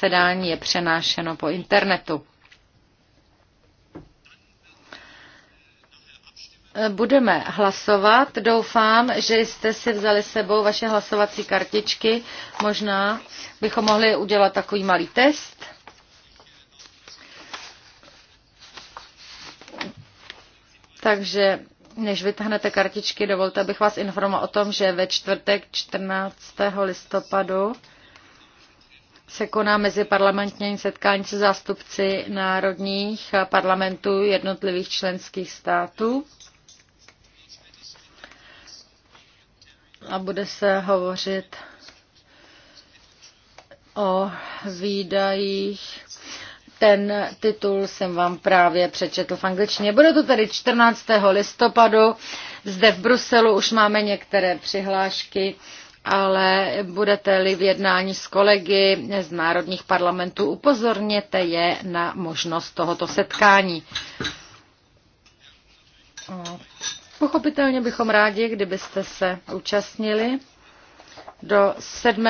zasedání je přenášeno po internetu. Budeme hlasovat. Doufám, že jste si vzali sebou vaše hlasovací kartičky. Možná bychom mohli udělat takový malý test. Takže než vytáhnete kartičky, dovolte, abych vás informoval o tom, že ve čtvrtek 14. listopadu se koná meziparlamentní setkání se zástupci národních parlamentů jednotlivých členských států. A bude se hovořit o výdajích. Ten titul jsem vám právě přečetl v angličtině. Bude to tedy 14. listopadu. Zde v Bruselu už máme některé přihlášky ale budete-li v jednání s kolegy z národních parlamentů, upozorněte je na možnost tohoto setkání. Pochopitelně bychom rádi, kdybyste se účastnili do 7.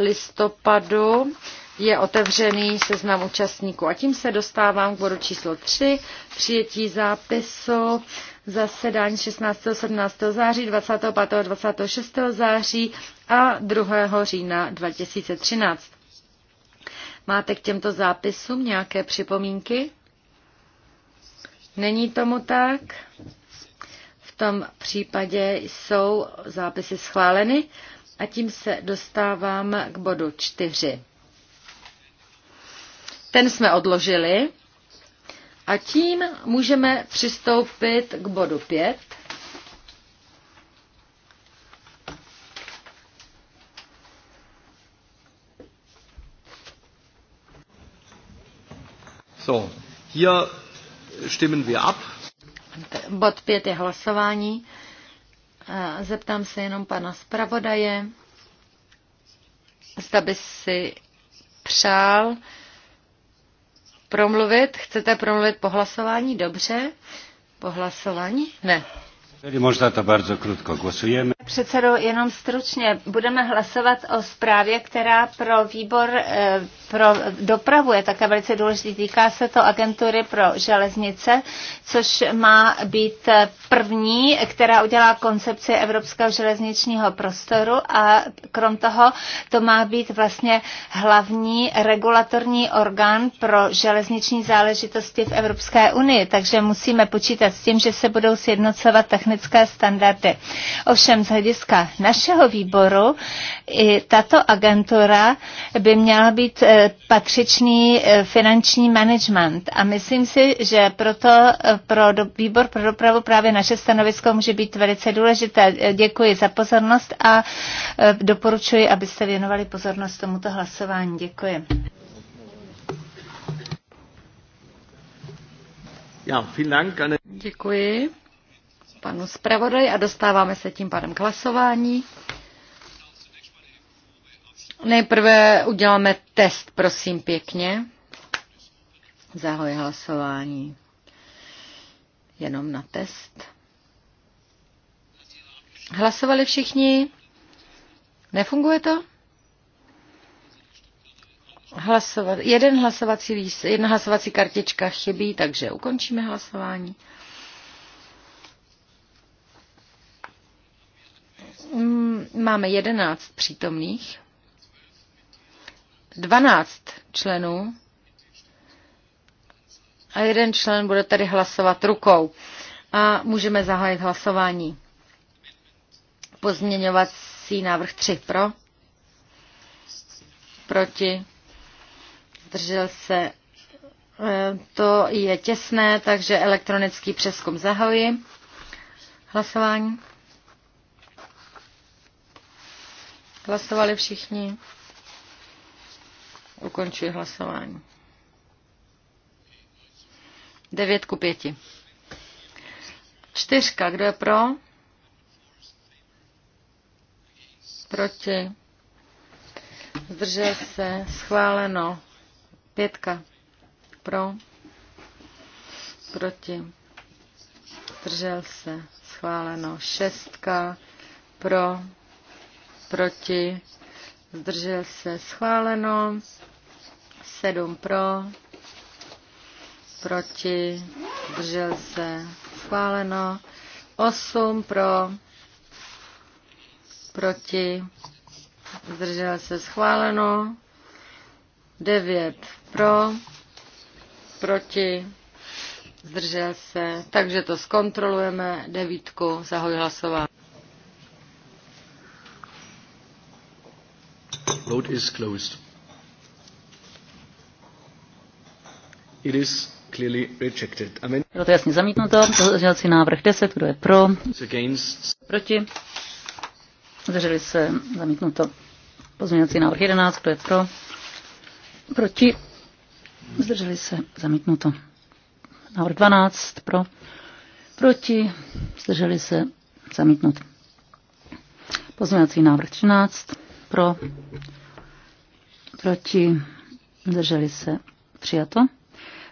listopadu je otevřený seznam účastníků. A tím se dostávám k bodu číslo 3, přijetí zápisu zasedání 16. 17. září, 25. 26. září a 2. října 2013. Máte k těmto zápisům nějaké připomínky? Není tomu tak? V tom případě jsou zápisy schváleny a tím se dostávám k bodu 4. Ten jsme odložili a tím můžeme přistoupit k bodu 5. So, hier stimmen wir ab. Bod 5 je hlasování. Zeptám se jenom pana zpravodaje, zda by si přál promluvit? Chcete promluvit po hlasování? Dobře. Po hlasování? Ne. Možná Předsedo, jenom stručně budeme hlasovat o zprávě, která pro výbor eh, pro dopravu je také velice důležitý. Týká se to agentury pro železnice, což má být první, která udělá koncepci evropského železničního prostoru a krom toho to má být vlastně hlavní regulatorní orgán pro železniční záležitosti v Evropské unii. Takže musíme počítat s tím, že se budou sjednocovat technologie technické standardy. Ovšem z hlediska našeho výboru i tato agentura by měla být eh, patřičný eh, finanční management. A myslím si, že proto eh, pro do, výbor pro dopravu právě naše stanovisko může být velice důležité. Děkuji za pozornost a doporučuji, abyste věnovali pozornost tomuto hlasování. Děkuji. Děkuji panu zpravodaji a dostáváme se tím pádem k hlasování. Nejprve uděláme test, prosím pěkně. Zahoj hlasování. Jenom na test. Hlasovali všichni? Nefunguje to? Hlasovat, jeden hlasovací, jedna hlasovací kartička chybí, takže ukončíme hlasování. Mm, máme 11 přítomných, 12 členů a jeden člen bude tady hlasovat rukou. A můžeme zahájit hlasování. Pozměňovací návrh 3 pro, proti, zdržel se. E, to je těsné, takže elektronický přeskum zahajuji. Hlasování. Hlasovali všichni. Ukončuji hlasování. 9 ku 5. Čtyřka, kdo je pro? Proti. Zdržel se. Schváleno. Pětka. Pro. Proti. Zdržel se. Schváleno. Šestka. Pro proti, zdržel se schváleno, 7 pro, proti, zdržel se schváleno, 8 pro, proti, zdržel se schváleno, 9 pro, proti, zdržel se, takže to zkontrolujeme, devítku, zahoj hlasování. Vote is closed. It is clearly rejected. Bylo to jasně zamítnuto. Pozměňovací návrh 10. Kdo je pro? Proti? Zdrželi se. Zamítnuto. Pozměňovací návrh 11. Kdo je pro? Proti? Zdrželi se. Zamítnuto. Návrh 12. Pro? Proti? Zdrželi se. Zamítnuto. Pozměňovací návrh 13 pro, proti, zdrželi se, přijato.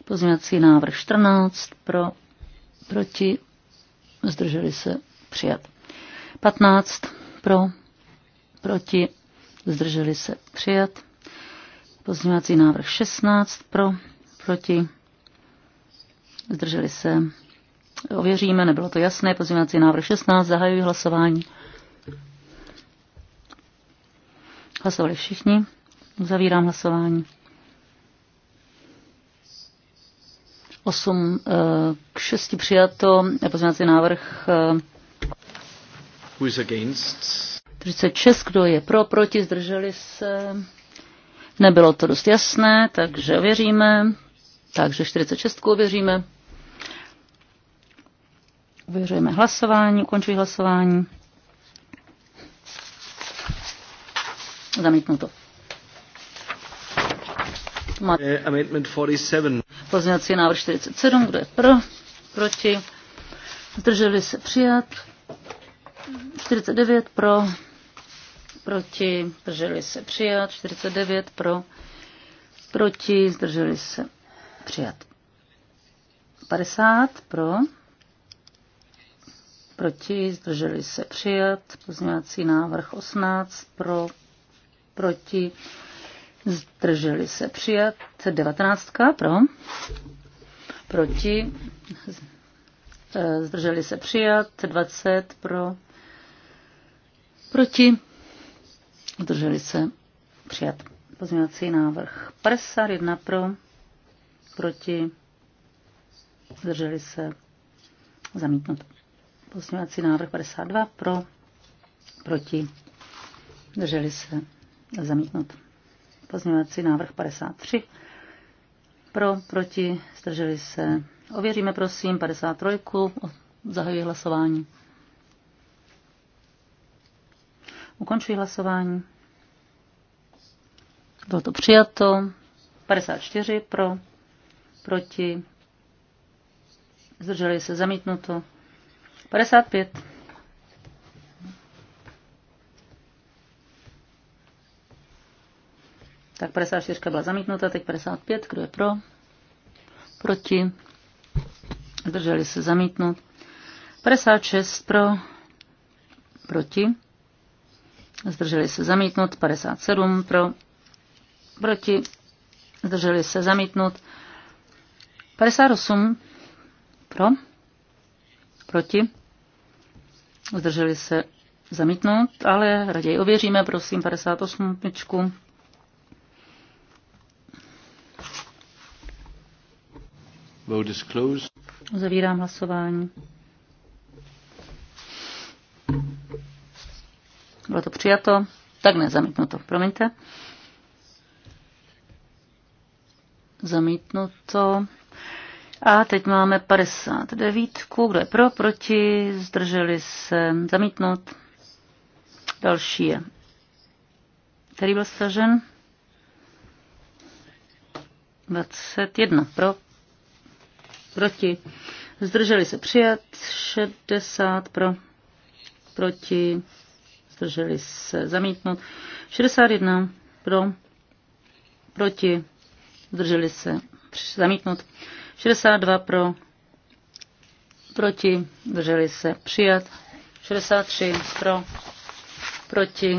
Pozměňovací návrh 14 pro, proti, zdrželi se, přijat. 15 pro, proti, zdrželi se, přijat. Pozměňovací návrh 16 pro, proti, zdrželi se, ověříme, nebylo to jasné, pozměňovací návrh 16, zahajuji hlasování. Hlasovali všichni. Zavírám hlasování. 8 eh, k 6 přijato. Pozměňovací návrh. Eh, Who is against? 36, kdo je pro, proti, zdrželi se. Nebylo to dost jasné, takže ověříme. Takže 46 ověříme. Ověřujeme hlasování, ukončuji hlasování. Zamítnuto. Eh, amendment 47. Pozměňovací návrh 47, kdo je pro, proti, zdrželi se přijat, 49 pro, proti, zdrželi se přijat, 49 pro, proti, zdrželi se přijat. 50 pro, proti, zdrželi se přijat, pozměňovací návrh 18 pro, proti, zdrželi se přijat, 19 pro, proti, e, zdrželi se přijat, 20 pro, proti, zdrželi se přijat. Pozměňovací návrh 51 pro, proti, zdrželi se zamítnout. Pozměňovací návrh 52 pro, proti, zdrželi se Zamítnut. Pozměňovací návrh 53. Pro, proti, zdrželi se. Ověříme prosím 53. Zahajuji hlasování. Ukončuji hlasování. Bylo to přijato. 54 pro, proti, zdrželi se zamítnuto. 55 Tak 54 byla zamítnuta, teď 55. Kdo je pro? Proti? Zdrželi se zamítnout. 56 pro? Proti? Zdrželi se zamítnout. 57 pro? Proti? Zdrželi se zamítnout. 58 pro? Proti? Zdrželi se zamítnout, ale raději ověříme, prosím, 58. Vote is closed. Zavírám hlasování. Bylo to přijato? Tak ne, zamítnuto. Promiňte. Zamítnuto. A teď máme 59. Kdo je pro, proti, zdrželi se, zamítnout. Další je. Který byl stažen? 21 pro, proti, zdrželi se přijat, 60 pro, proti, zdrželi se zamítnout, 61 pro, proti, zdrželi se zamítnout, 62 pro, proti, zdrželi se přijat, 63 pro, proti,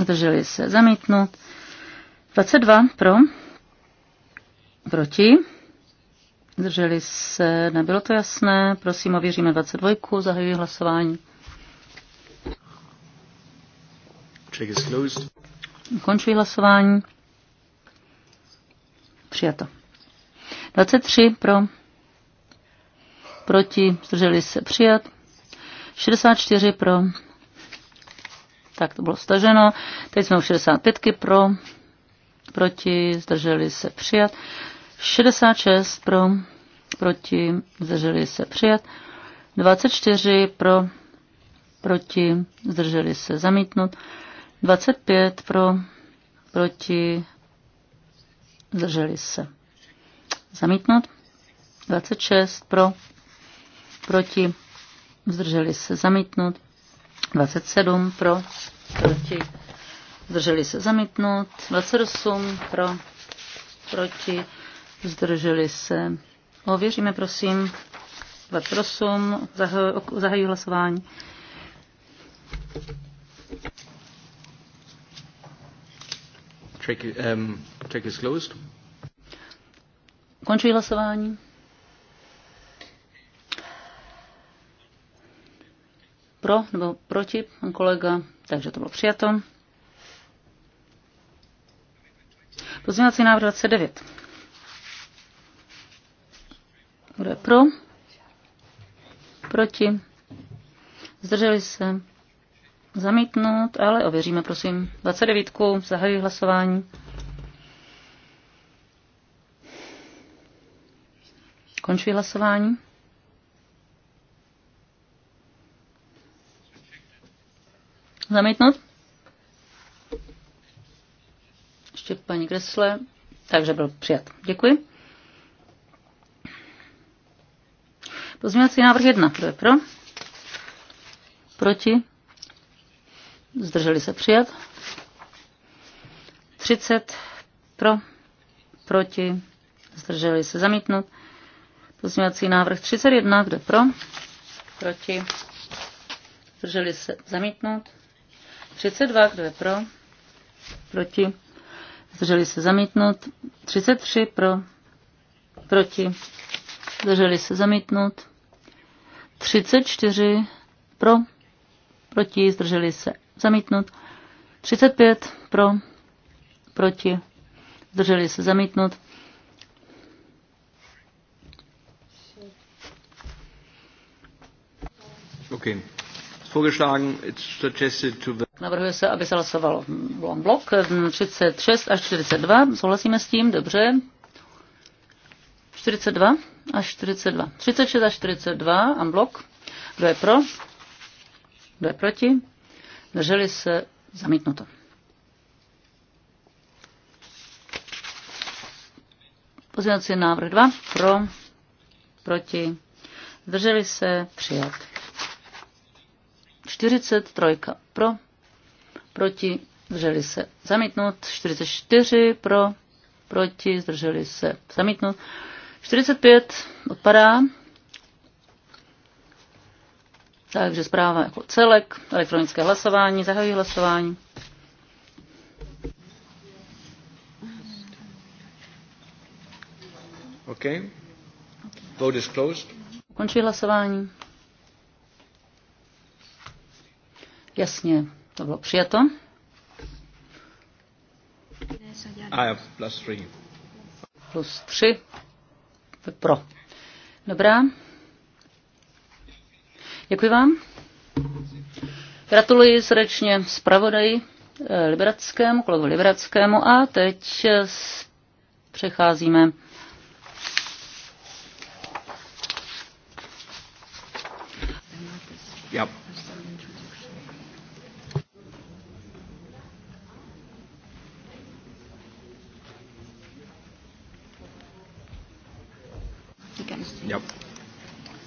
zdrželi se zamítnout, 22 pro, proti, Drželi se, nebylo to jasné. Prosím, ověříme 22, zahajuji hlasování. Check Končuji hlasování. Přijato. 23 pro, proti, zdrželi se přijat. 64 pro, tak to bylo staženo. Teď jsme u 65 pro, proti, zdrželi se přijat. 66 pro, proti, zdrželi se přijat. 24 pro, proti, zdrželi se zamítnout. 25 pro, proti, zdrželi se zamítnout. 26 pro, proti, zdrželi se zamítnout. 27 pro, proti, zdrželi se zamítnout. 28 pro, proti, zdrželi se. Ověříme, prosím. 28, zahajuji hlasování. Check, um, check is closed. Končuji hlasování. Pro nebo proti, pan kolega, takže to bylo přijato. Pozměňovací návrh 29. Kdo je pro? Proti? Zdrželi se? Zamítnout, ale ověříme, prosím. 29. Zahajuji hlasování. Končuji hlasování. Zamítnout? Ještě paní Kresle. Takže byl přijat. Děkuji. Pozměňovací návrh 1. Kdo je pro? Proti? Zdrželi se přijat. 30 pro, proti, zdrželi se zamítnout. Pozměňovací návrh 31, kdo pro, proti, zdrželi se zamítnout. 32, kdo je pro, proti, zdrželi se zamítnout. 33 pro, proti, zdrželi se zamítnout. 34 pro, proti, zdrželi se zamítnout. 35 pro, proti, zdrželi se zamítnout. Okay. Navrhuje se, aby se hlasovalo blok 36 až 42. Souhlasíme s tím? Dobře. 42 až 42. 36 až 42 unblock. Kdo je pro? Kdo je proti? Drželi se zamítnuto. Pozměňovací návrh 2. Pro, proti, Drželi se, přijat. 43. Pro, proti, zdrželi se, zamítnut. 44. Pro, proti, zdrželi se, zamítnut. 45 odpadá. Takže zpráva jako celek, elektronické hlasování, zahajuji hlasování. OK. Vote is closed. Končí hlasování. Jasně, to bylo přijato. have ah, plus three. Plus 3 pro. Dobrá. Děkuji vám. Gratuluji srdečně zpravodaji eh, Liberackému, kolegu Liberackému a teď přecházíme Yep.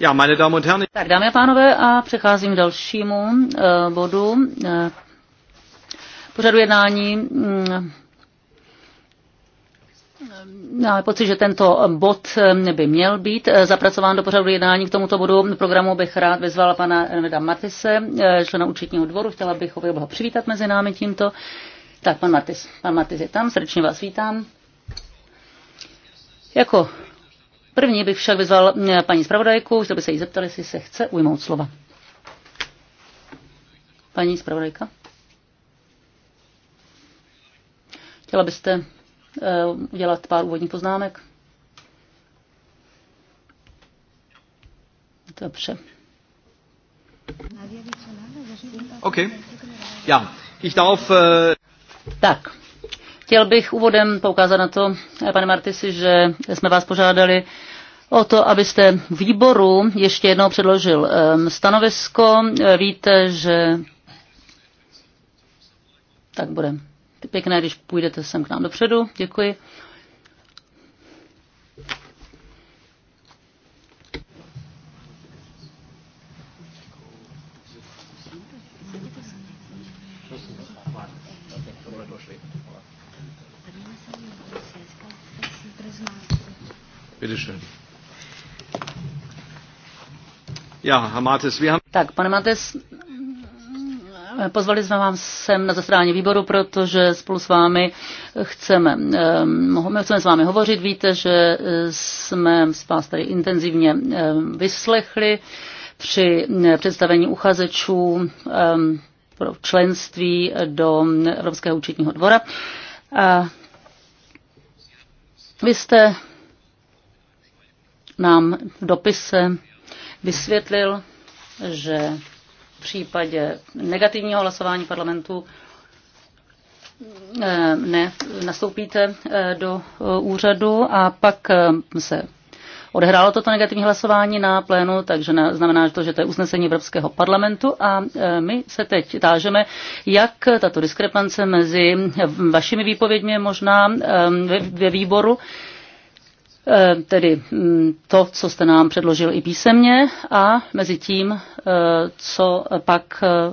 Já, meine Damen und Herren. Tak dámy a pánové, a přecházím k dalšímu uh, bodu. Uh, pořadu jednání. Mm, máme pocit, že tento bod eh, by měl být zapracován do pořadu jednání. K tomuto bodu programu bych rád vyzvala pana Reda Martise, člena účetního dvoru. Chtěla bych ho přivítat mezi námi tímto. Tak, pan Matis, Pan Matis je tam, srdečně vás vítám. Jako První bych však vyzval eh, paní zpravodajku, chtěl by se jí zeptat, jestli se chce ujmout slova. Paní zpravodajka? Chtěla byste eh, udělat pár úvodních poznámek? Dobře. OK. Já. Ich darf, uh... Tak. Chtěl bych úvodem poukázat na to, pane Martisi, že jsme vás požádali o to, abyste výboru ještě jednou předložil ehm, stanovisko. Eh, víte, že tak bude pěkné, když půjdete sem k nám dopředu. Děkuji. Bitte schön. Já, Hamates, wir Tak, pane Mates, Pozvali jsme vám sem na zasedání výboru, protože spolu s vámi chceme, ehm, my chceme s vámi hovořit. Víte, že eh, jsme s vás tady intenzivně ehm, vyslechli při eh, představení uchazečů ehm, pro členství do Evropského účetního dvora. A vy jste nám v dopise vysvětlil, že v případě negativního hlasování parlamentu eh, ne, nastoupíte eh, do eh, úřadu a pak se odehrálo toto negativní hlasování na plénu, takže znamená to, že to je usnesení Evropského parlamentu a my se teď tážeme, jak tato diskrepance mezi vašimi výpověďmi možná ve výboru Eh, tedy mm, to, co jste nám předložil i písemně a mezi tím, eh, co pak eh,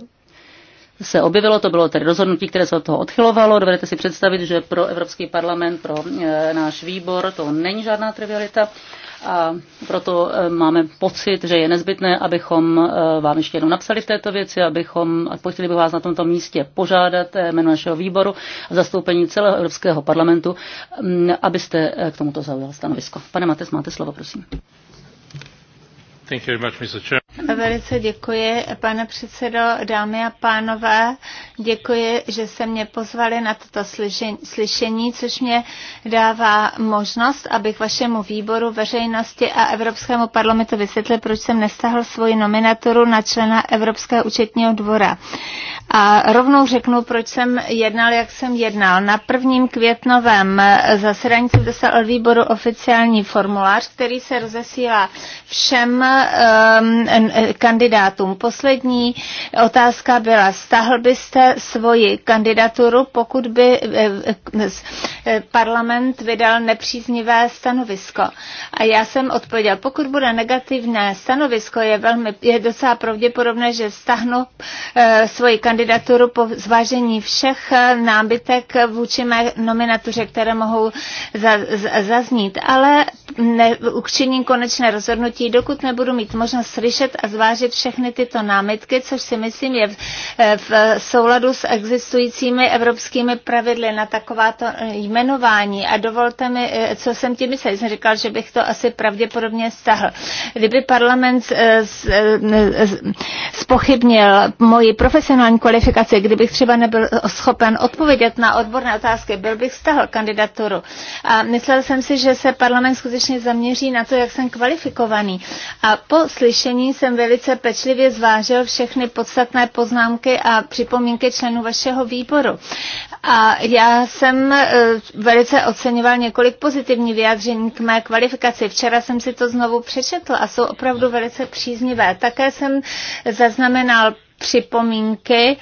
se objevilo, to bylo tedy rozhodnutí, které se od toho odchylovalo. Dovedete si představit, že pro Evropský parlament, pro e, náš výbor to není žádná trivialita a proto e, máme pocit, že je nezbytné, abychom e, vám ještě jednou napsali v této věci, abychom, a pochtěli bych vás na tomto místě požádat jméno našeho výboru a zastoupení celého Evropského parlamentu, abyste k tomuto zaujal stanovisko. Pane Mates, máte slovo, prosím. Thank you very much, Mr. Velice děkuji, pane předsedo, dámy a pánové. Děkuji, že se mě pozvali na toto slyšení, což mě dává možnost, abych vašemu výboru, veřejnosti a Evropskému parlamentu vysvětlil, proč jsem nestahl svoji nominaturu na člena Evropského účetního dvora. A rovnou řeknu, proč jsem jednal, jak jsem jednal. Na prvním květnovém zasedání jsem dostal od výboru oficiální formulář, který se rozesílá všem um, Eh, kandidátům. Poslední otázka byla, stahl byste svoji kandidaturu, pokud by eh, eh, parlament vydal nepříznivé stanovisko. A já jsem odpověděl, pokud bude negativné stanovisko, je, velmi, je docela pravděpodobné, že stahnu svoji kandidaturu po zvážení všech nábytek vůči mé nominatuře, které mohou zaznít. Ale ne, učiním konečné rozhodnutí, dokud nebudu mít možnost slyšet a zvážit všechny tyto námitky, což si myslím je eh, v souladu s existujícími evropskými pravidly na takováto jmenování. A dovolte mi, eh, co jsem tím myslel. Jsem říkal, že bych to asi pravděpodobně stahl. Kdyby parlament eh, spochybnil moji profesionální kvalifikaci, kdybych třeba nebyl schopen odpovědět na odborné otázky, byl bych stahl kandidaturu. A myslel jsem si, že se parlament skutečně zaměří na to, jak jsem kvalifikovaný. A po slyšení se jsem velice pečlivě zvážil všechny podstatné poznámky a připomínky členů vašeho výboru. A já jsem e, velice oceňoval několik pozitivních vyjádření k mé kvalifikaci. Včera jsem si to znovu přečetl a jsou opravdu velice příznivé. Také jsem zaznamenal připomínky,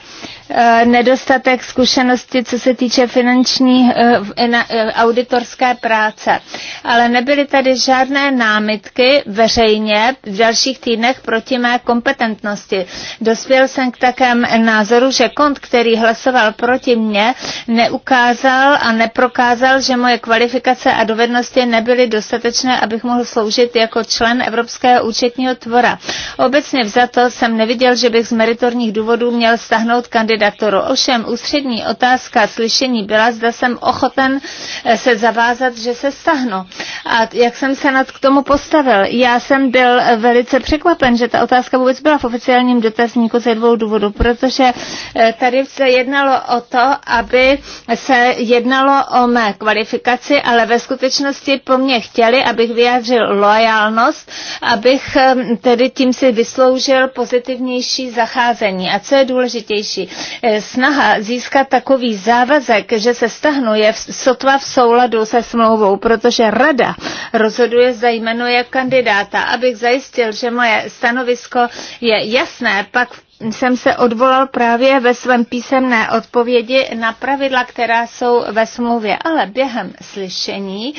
eh, nedostatek zkušenosti, co se týče finanční eh, eh, auditorské práce. Ale nebyly tady žádné námitky veřejně v dalších týdnech proti mé kompetentnosti. Dospěl jsem k takém názoru, že kont, který hlasoval proti mně, neukázal a neprokázal, že moje kvalifikace a dovednosti nebyly dostatečné, abych mohl sloužit jako člen Evropského účetního tvora. Obecně vzato jsem neviděl, že bych z meritor procedurních důvodů měl stahnout kandidaturu. Ovšem ústřední otázka slyšení byla, zda jsem ochoten eh, se zavázat, že se stahnu. A jak jsem se nad k tomu postavil? Já jsem byl eh, velice překvapen, že ta otázka vůbec byla v oficiálním dotazníku ze dvou důvodů, protože eh, tady se jednalo o to, aby se jednalo o mé kvalifikaci, ale ve skutečnosti po mně chtěli, abych vyjádřil lojalnost, abych tedy tím si vysloužil pozitivnější zacházení zacházení A co je důležitější, eh, snaha získat takový závazek, že se stahnu, je sotva v souladu se smlouvou, protože rada rozhoduje, zda jmenuje kandidáta. Abych zajistil, že moje stanovisko je jasné, pak v jsem se odvolal právě ve svém písemné odpovědi na pravidla, která jsou ve smlouvě. Ale během slyšení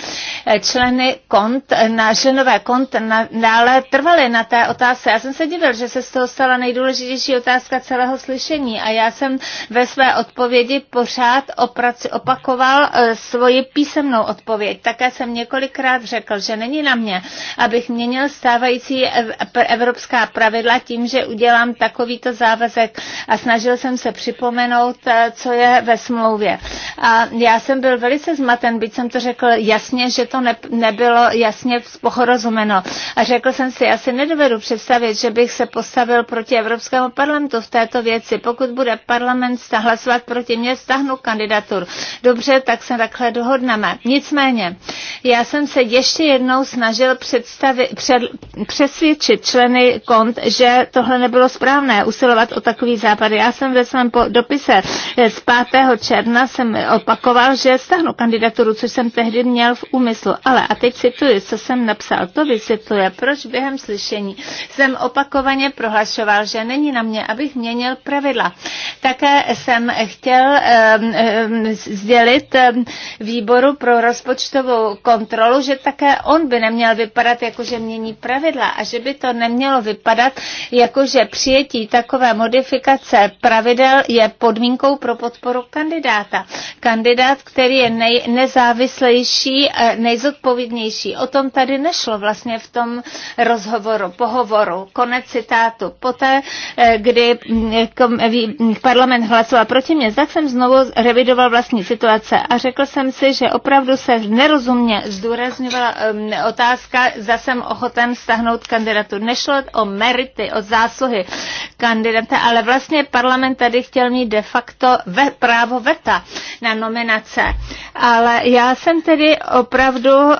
eh, členy kont, na, ženové kont dále trvaly na té otázce. Já jsem se divil, že se z toho stala nejdůležitější otázka celého slyšení a já jsem ve své odpovědi pořád opraci, opakoval eh, svoji písemnou odpověď. Také jsem několikrát řekl, že není na mě, abych měnil stávající evropská pravidla tím, že udělám takovýto závazek a snažil jsem se připomenout, eh, co je ve smlouvě. A já jsem byl velice zmaten, byť jsem to řekl jasně, že to ne, nebylo jasně pochorozumeno. A řekl jsem si, já si nedovedu představit, že bych se postavil proti Evropskému parlamentu v této věci. Pokud bude parlament hlasovat proti mě, stahnu kandidatur. Dobře, tak se takhle dohodneme. Nicméně, já jsem se ještě jednou snažil představit, před, přesvědčit členy kont, že tohle nebylo správné usilovat o takový západ. Já jsem ve svém dopise eh, z 5. června jsem opakoval, že stáhnu kandidaturu, což jsem tehdy měl v úmyslu. Ale a teď cituji, co jsem napsal, to vysvětluje, proč během slyšení jsem opakovaně prohlašoval, že není na mě, abych měnil pravidla. Také jsem chtěl um, um, sdělit um, výboru pro rozpočtovou kontrolu, že také on by neměl vypadat jako, že mění pravidla a že by to nemělo vypadat jako, že přijetí tak takové modifikace pravidel je podmínkou pro podporu kandidáta. Kandidát, který je nej, nezávislejší, eh, nejzodpovědnější. O tom tady nešlo vlastně v tom rozhovoru, pohovoru. Konec citátu. Poté, eh, kdy eh, parlament hlasoval proti mě, tak jsem znovu revidoval vlastní situace a řekl jsem si, že opravdu se nerozumně zdůrazňovala ehm, otázka, zda jsem ochoten stahnout kandidatu. Nešlo o merity, o zásluhy. Kan kandidata, ale vlastně parlament tady chtěl mít de facto ve, právo veta na nominace. Ale já jsem tedy opravdu um,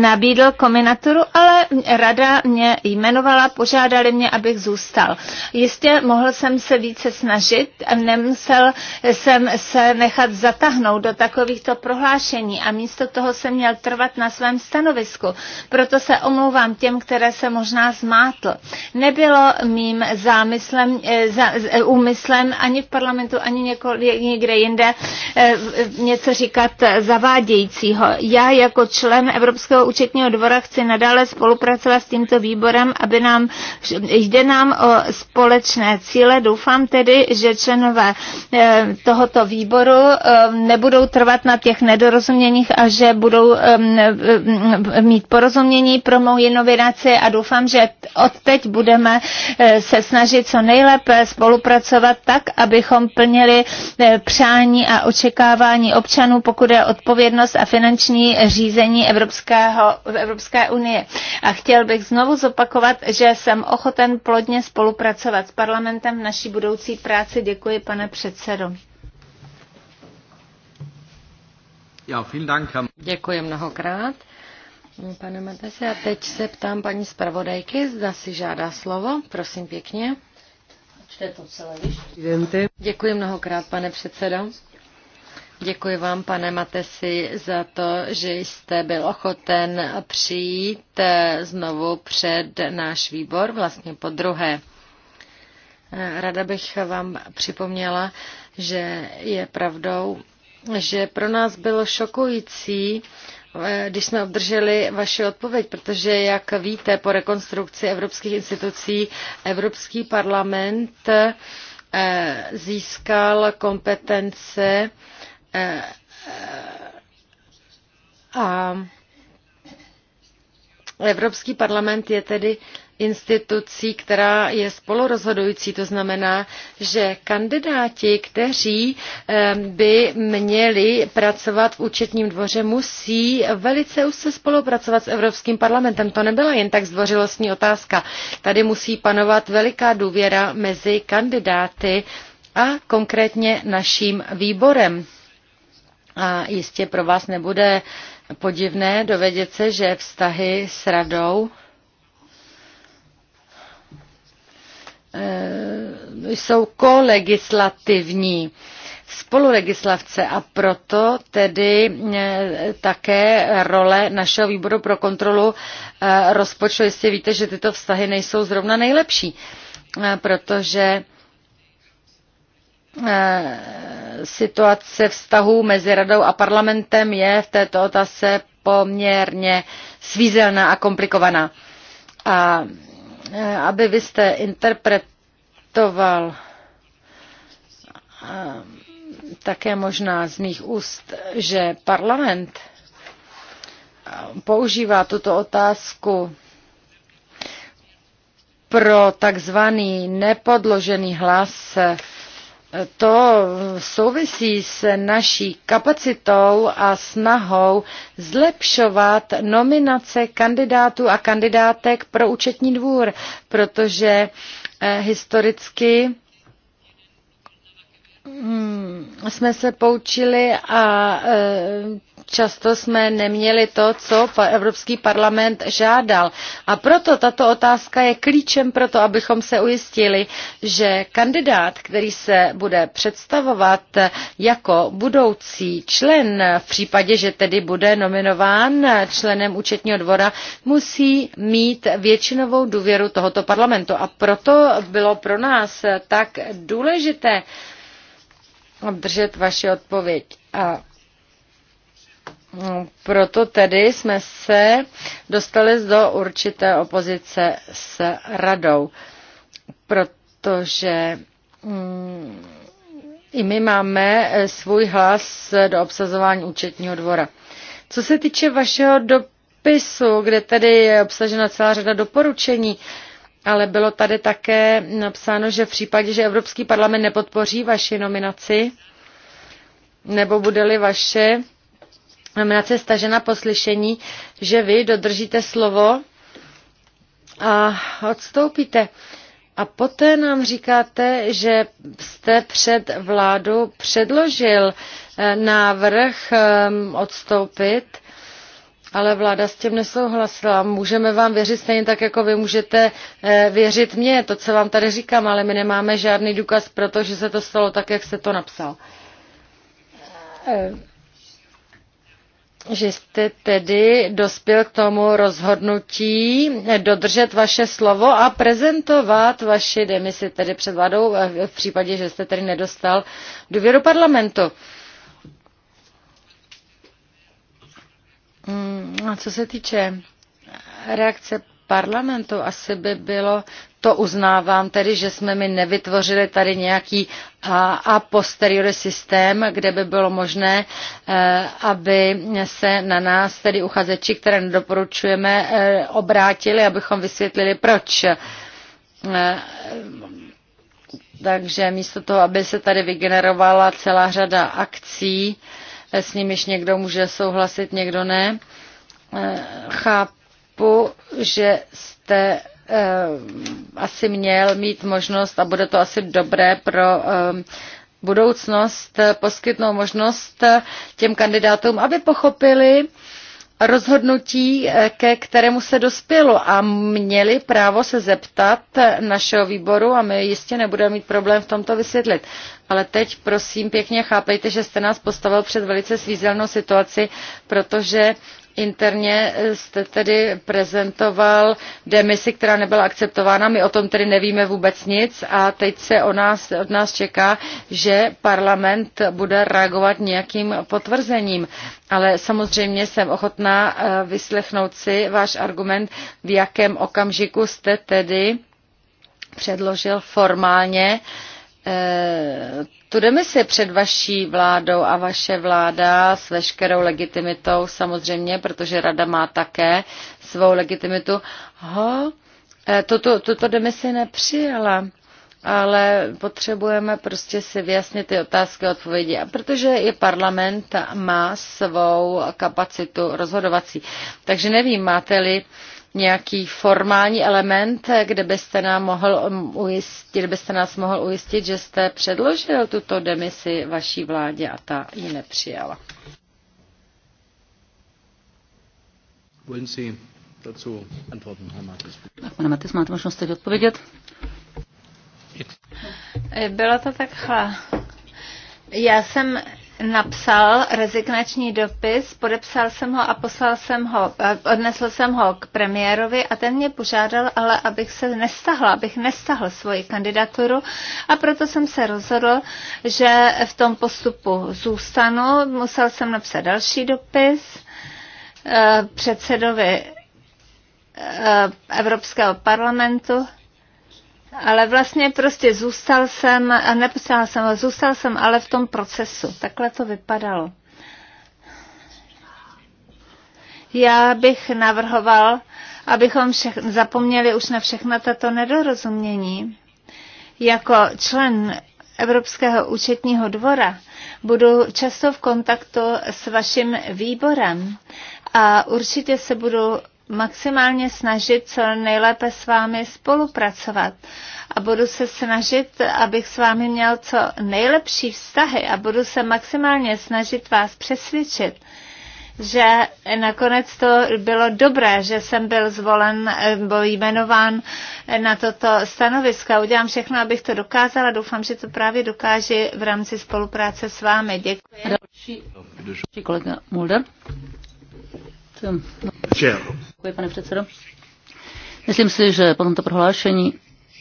nabídl kombinaturu, ale rada mě jmenovala, požádali mě, abych zůstal. Jistě mohl jsem se více snažit, nemusel jsem se nechat zatáhnout do takovýchto prohlášení a místo toho jsem měl trvat na svém stanovisku. Proto se omlouvám těm, které se možná zmátl. Nebylo mým zámyslem úmyslem, eh, za, eh, úmyslem ani v parlamentu, ani něko, někde jinde eh, něco říkat zavádějícího. Já jako člen Evropského účetního dvora chci nadále spolupracovat s tímto výborem, aby nám, jde nám o společné cíle. Doufám tedy, že členové tohoto výboru nebudou trvat na těch nedorozuměních a že budou mít porozumění pro mou inovaci a doufám, že od teď budeme se snažit co nejlépe spolupracovat tak, abychom plnili eh, přání a očekávání občanů, pokud je odpovědnost a finanční řízení Evropského, Evropské unie. A chtěl bych znovu zopakovat, že jsem ochoten plodně spolupracovat s parlamentem v naší budoucí práci. Děkuji, pane předsedo. Děkuji mnohokrát. Pane Matese, a teď se ptám paní zpravodajky, zda si žádá slovo. Prosím pěkně. Děkuji mnohokrát, pane předsedo. Děkuji vám, pane Matesi, za to, že jste byl ochoten přijít eh, znovu před náš výbor, vlastně po druhé. Eh, Rada bych vám připomněla, že je pravdou, že pro nás bylo šokující, Eh, když jsme obdrželi vaši odpověď, protože, jak víte, po rekonstrukci evropských institucí Evropský parlament eh, získal kompetence eh, a Evropský parlament je tedy institucí, která je spolurozhodující. To znamená, že kandidáti, kteří by měli pracovat v účetním dvoře, musí velice už se spolupracovat s Evropským parlamentem. To nebyla jen tak zdvořilostní otázka. Tady musí panovat veliká důvěra mezi kandidáty a konkrétně naším výborem. A jistě pro vás nebude podivné dovědět se, že vztahy s radou Eh, jsou kolegislativní spolulegislavce a proto tedy eh, také role našeho výboru pro kontrolu eh, rozpočtu. Jistě víte, že tyto vztahy nejsou zrovna nejlepší, protože situace vztahů mezi radou a parlamentem je v této otázce poměrně svízelná a komplikovaná. A Eh, aby vy jste interpretoval eh, také možná z mých úst, že parlament eh, používá tuto otázku pro takzvaný nepodložený hlas to souvisí s naší kapacitou a snahou zlepšovat nominace kandidátů a kandidátek pro účetní dvůr, protože eh, historicky Hmm, jsme se poučili a e, často jsme neměli to, co Evropský parlament žádal. A proto tato otázka je klíčem pro to, abychom se ujistili, že kandidát, který se bude představovat jako budoucí člen, v případě, že tedy bude nominován členem účetního dvora, musí mít většinovou důvěru tohoto parlamentu. A proto bylo pro nás tak důležité, obdržet vaši odpověď. A mm, proto tedy jsme se dostali do určité opozice s radou, protože mm, i my máme eh, svůj hlas do obsazování účetního dvora. Co se týče vašeho dopisu, kde tedy je obsažena celá řada doporučení, ale bylo tady také napsáno, že v případě, že Evropský parlament nepodpoří vaši nominaci, nebo bude-li vaše nominace stažena poslyšení, že vy dodržíte slovo a odstoupíte. A poté nám říkáte, že jste před vládu předložil eh, návrh ehm, odstoupit ale vláda s tím nesouhlasila. Můžeme vám věřit stejně tak, jako vy můžete eh, věřit mně, to, co vám tady říkám, ale my nemáme žádný důkaz pro to, že se to stalo tak, jak se to napsal. Eh, že jste tedy dospěl k tomu rozhodnutí dodržet vaše slovo a prezentovat vaši demisi tedy před vládou eh, v případě, že jste tedy nedostal důvěru parlamentu. Mm, a co se týče reakce parlamentu, asi by bylo, to uznávám tedy, že jsme mi nevytvořili tady nějaký a, a posteriori systém, kde by bylo možné, e, aby se na nás, tedy uchazeči, které nedoporučujeme, e, obrátili, abychom vysvětlili, proč. E, takže místo toho, aby se tady vygenerovala celá řada akcí, s nimiž někdo může souhlasit, někdo ne. Eh, chápu, že jste eh, asi měl mít možnost, a bude to asi dobré pro eh, budoucnost, poskytnout možnost těm kandidátům, aby pochopili, rozhodnutí, eh, ke kterému se dospělo a měli právo se zeptat našeho výboru a my jistě nebudeme mít problém v tomto vysvětlit. Ale teď prosím pěkně chápejte, že jste nás postavil před velice svízelnou situaci, protože Interně eh, jste tedy prezentoval demisi, která nebyla akceptována. My o tom tedy nevíme vůbec nic a teď se o nás, od nás čeká, že parlament bude reagovat nějakým potvrzením. Ale samozřejmě jsem ochotná eh, vyslechnout si váš argument, v jakém okamžiku jste tedy předložil formálně uh, tu demisi před vaší vládou a vaše vláda s veškerou legitimitou samozřejmě, protože rada má také svou legitimitu, ho, eh, tuto, tuto demisi nepřijala ale potřebujeme prostě si vyjasnit ty otázky a odpovědi. A protože i parlament má svou kapacitu rozhodovací. Takže nevím, máte-li nějaký formální element, kde byste, nám mohl um, ujistit, kde byste nás mohl ujistit, že jste předložil tuto demisi vaší vládě a ta ji nepřijala? Wollen Pane Matis, máte možnost teď odpovědět? Byla to takhle. Já jsem napsal rezignační dopis, podepsal jsem ho a poslal jsem ho, odnesl jsem ho k premiérovi a ten mě požádal, ale abych se nestahla, abych nestahl svoji kandidaturu a proto jsem se rozhodl, že v tom postupu zůstanu. Musel jsem napsat další dopis eh, předsedovi eh, Evropského parlamentu ale vlastně prostě zůstal jsem, a jsem, ale zůstal jsem ale v tom procesu. Takhle to vypadalo. Já bych navrhoval, abychom všech, zapomněli už na všechna tato nedorozumění. Jako člen Evropského účetního dvora budu často v kontaktu s vaším výborem a určitě se budu maximálně snažit co nejlépe s vámi spolupracovat a budu se snažit, abych s vámi měl co nejlepší vztahy a budu se maximálně snažit vás přesvědčit, že nakonec to bylo dobré, že jsem byl zvolen nebo jmenován na toto stanovisko. Udělám všechno, abych to dokázala. Doufám, že to právě dokáže v rámci spolupráce s vámi. Děkuji. Další kolega Mulder. Děkuji, pane předsedo. Myslím si, že po tomto prohlášení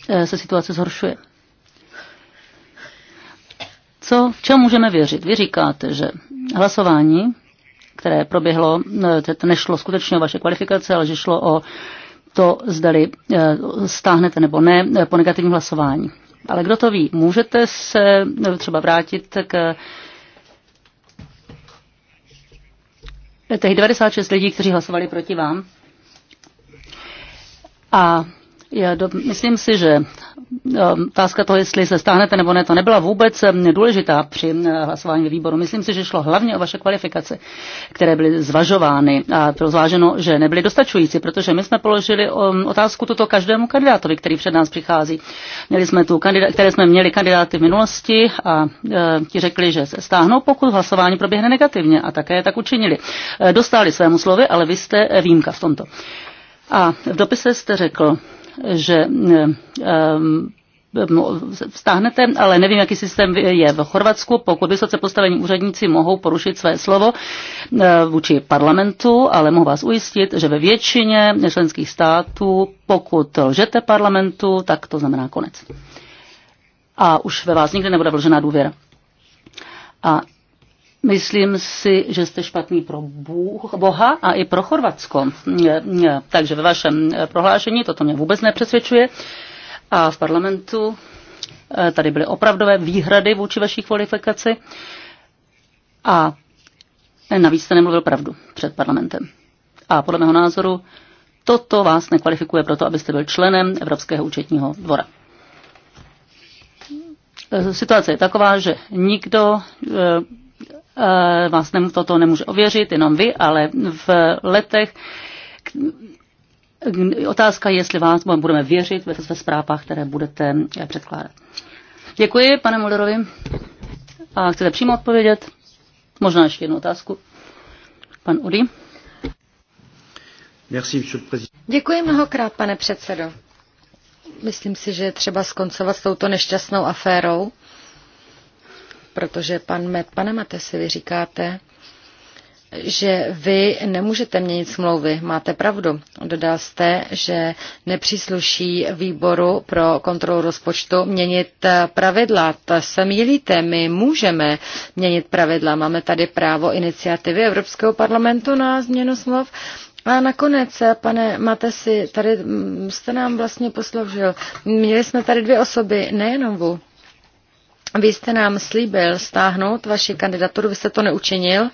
eh, se situace zhoršuje. Co, v čem můžeme věřit? Vy říkáte, že hlasování, které proběhlo, eh, to nešlo skutečně o vaše kvalifikace, ale že šlo o to, zdali eh, stáhnete nebo ne po negativním hlasování. Ale kdo to ví? Můžete se třeba vrátit k těch 96 lidí, kteří hlasovali proti vám. A já do, myslím si, že um, otázka toho, jestli se stáhnete nebo ne, to nebyla vůbec um, důležitá při uh, hlasování ve výboru. Myslím si, že šlo hlavně o vaše kvalifikace, které byly zvažovány a bylo zváženo, že nebyly dostačující, protože my jsme položili um, otázku tuto každému kandidátovi, který před nás přichází. Měli jsme tu kandidá, které jsme měli kandidáty v minulosti a e, ti řekli, že se stáhnou, pokud hlasování proběhne negativně a také tak učinili. E, dostali svému slovy, ale vy jste výjimka v tomto. A v dopise jste řekl, že stáhnete, eh, eh, no, ale nevím, jaký systém je v Chorvatsku, pokud vysoce postavení úředníci mohou porušit své slovo eh, vůči parlamentu, ale mohu vás ujistit, že ve většině členských států, pokud lžete parlamentu, tak to znamená konec. A už ve vás nikdy nebude vložená důvěra. A Myslím si, že jste špatný pro Boha a i pro Chorvatsko. Takže ve vašem eh, prohlášení toto mě vůbec nepřesvědčuje. A v parlamentu eh, tady byly opravdové výhrady vůči vaší kvalifikaci. A navíc jste nemluvil pravdu před parlamentem. A podle mého názoru toto vás nekvalifikuje proto, abyste byl členem Evropského účetního dvora eh, situace je taková, že nikdo Eh, vás vlastně toto nemůžu ověřit, jenom vy, ale v letech otázka je, jestli vás budeme věřit ve, ve zprávách, které budete eh, předkládat. Děkuji, pane Mulderovi. A chcete přímo odpovědět? Možná ještě jednu otázku. Pan Udy. Děkuji mnohokrát, pane předsedo. Myslím si, že je třeba skoncovat s touto nešťastnou aférou protože pan Met si vy říkáte, že vy nemůžete měnit smlouvy. Máte pravdu. Dodal jste, že nepřísluší výboru pro kontrolu rozpočtu měnit eh, pravidla. To se mýlíte. My můžeme měnit pravidla. Máme tady právo iniciativy Evropského parlamentu na změnu smluv. A nakonec, eh, pane Matesi, tady mm, jste nám vlastně posloužil. Měli jsme tady dvě osoby, nejenom vy. Vy jste nám slíbil stáhnout vaši kandidaturu, vy jste to neučinil.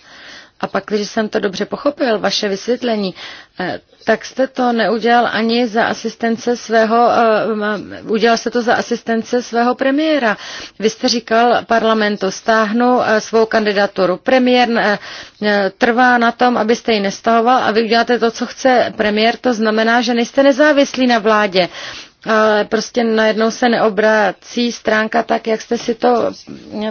A pak, když jsem to dobře pochopil, vaše vysvětlení, eh, tak jste to neudělal ani za asistence svého, eh, udělal jste to za asistence svého premiéra. Vy jste říkal parlamentu, stáhnu eh, svou kandidaturu. Premiér trvá na tom, abyste ji nestahoval a vy uděláte to, co chce premiér, to znamená, že nejste nezávislí na vládě ale prostě najednou se neobrací stránka tak, jak jste si to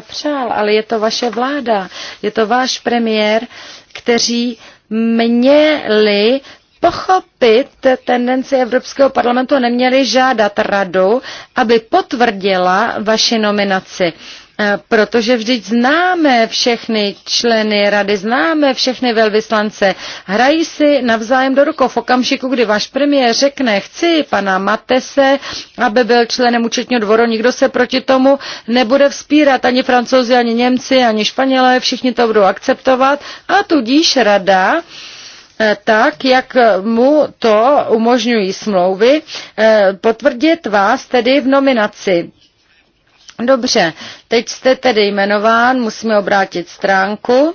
přál, ale je to vaše vláda, je to váš premiér, kteří měli pochopit tendenci Evropského parlamentu a neměli žádat radu, aby potvrdila vaši nominaci. Eh, protože vždyť známe všechny členy rady, známe všechny velvyslance. Hrají si navzájem do rukou v okamžiku, kdy váš premiér řekne, chci pana Matese, aby byl členem účetního dvoru, nikdo se proti tomu nebude vzpírat, ani francouzi, ani Němci, ani Španělé, všichni to budou akceptovat a tudíž rada eh, tak, jak mu to umožňují smlouvy, eh, potvrdit vás tedy v nominaci Dobře, teď jste tedy jmenován, musíme obrátit stránku.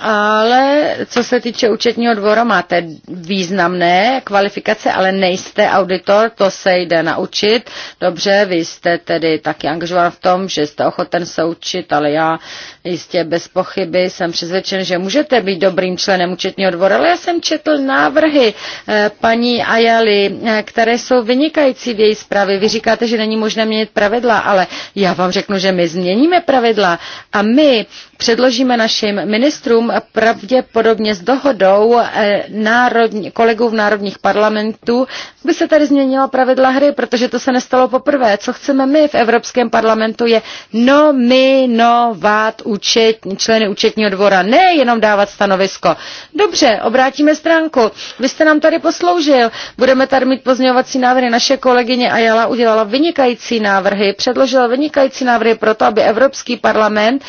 Ale co se týče účetního dvora, máte významné kvalifikace, ale nejste auditor, to se jde naučit. Dobře, vy jste tedy taky angažovan v tom, že jste ochoten se učit, ale já jistě bez pochyby jsem přesvědčen, že můžete být dobrým členem účetního dvora, ale já jsem četl návrhy eh, paní Ajali, eh, které jsou vynikající v její zprávě. Vy říkáte, že není možné měnit pravidla, ale já vám řeknu, že my změníme pravidla a my předložíme našim ministrům kolegům pravděpodobně s dohodou eh, národní, kolegů v národních parlamentů by se tady změnila pravidla hry, protože to se nestalo poprvé. Co chceme my v Evropském parlamentu je nominovat účet, členy účetního dvora, ne jenom dávat stanovisko. Dobře, obrátíme stránku. Vy jste nám tady posloužil. Budeme tady mít pozměňovací návrhy. Naše kolegyně Ajala udělala vynikající návrhy, předložila vynikající návrhy proto, aby Evropský parlament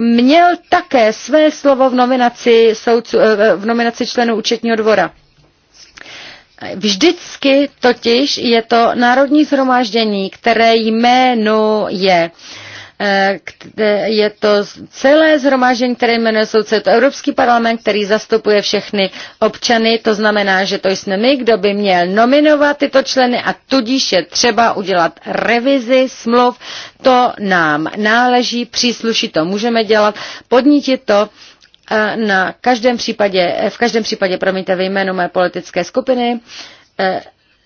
měl také své slovo v nominaci, soudcu, eh, v nominaci členů účetního dvora. Vždycky totiž je to národní zhromáždění, které jméno je. Eh, je to celé zhromáždění, které jmenuje soudce, to Evropský parlament, který zastupuje všechny občany. To znamená, že to jsme my, kdo by měl nominovat tyto členy a tudíž je třeba udělat revizi smluv. To nám náleží, přísluší to můžeme dělat, podnítit to eh, na každém případě, v každém případě, promiňte, ve jménu mé politické skupiny, eh,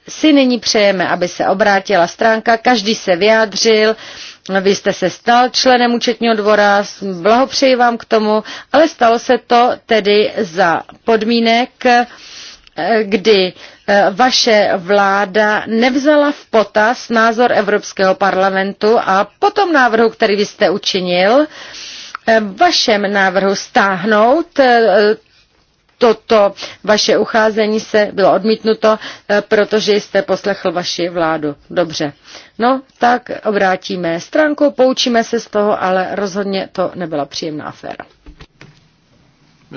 si nyní přejeme, aby se obrátila stránka, každý se vyjádřil, vy jste se stal členem účetního dvora, blahopřeji vám k tomu, ale stalo se to tedy za podmínek, eh, kdy eh, vaše vláda nevzala v potaz názor Evropského parlamentu a potom návrhu, který vy jste učinil, eh, vašem návrhu stáhnout toto vaše ucházení se bylo odmítnuto, eh, protože jste poslechl vaši vládu. Dobře. No, tak obrátíme stránku, poučíme se z toho, ale rozhodně to nebyla příjemná aféra. Eh,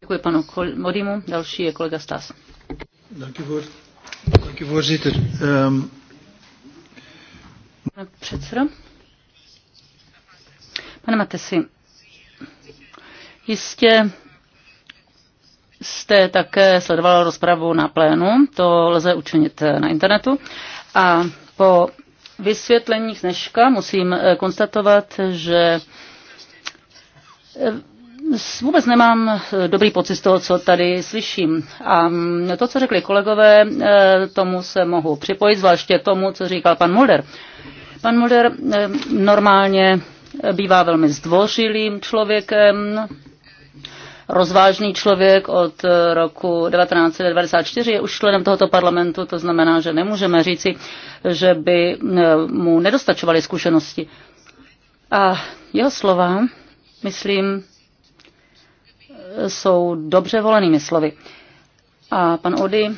Děkuji panu Modimu. Další je kolega Stas. Ehm, Pane předsedo. Pane Matesi, Jistě jste také sledovala rozpravu na plénu, to lze učinit na internetu. A po vysvětleních dneška musím eh, konstatovat, že eh, vůbec nemám eh, dobrý pocit z toho, co tady slyším. A mm, to, co řekli kolegové, tomu se mohu připojit, zvláště tomu, co říkal pan Mulder. Pan Mulder normálně bývá velmi zdvořilým člověkem, rozvážný člověk od eh, roku 1994, je už členem tohoto parlamentu, to znamená, že nemůžeme říci, že by eh, mu nedostačovaly zkušenosti. A jeho slova, myslím, eh, jsou dobře volenými slovy. A pan Ody,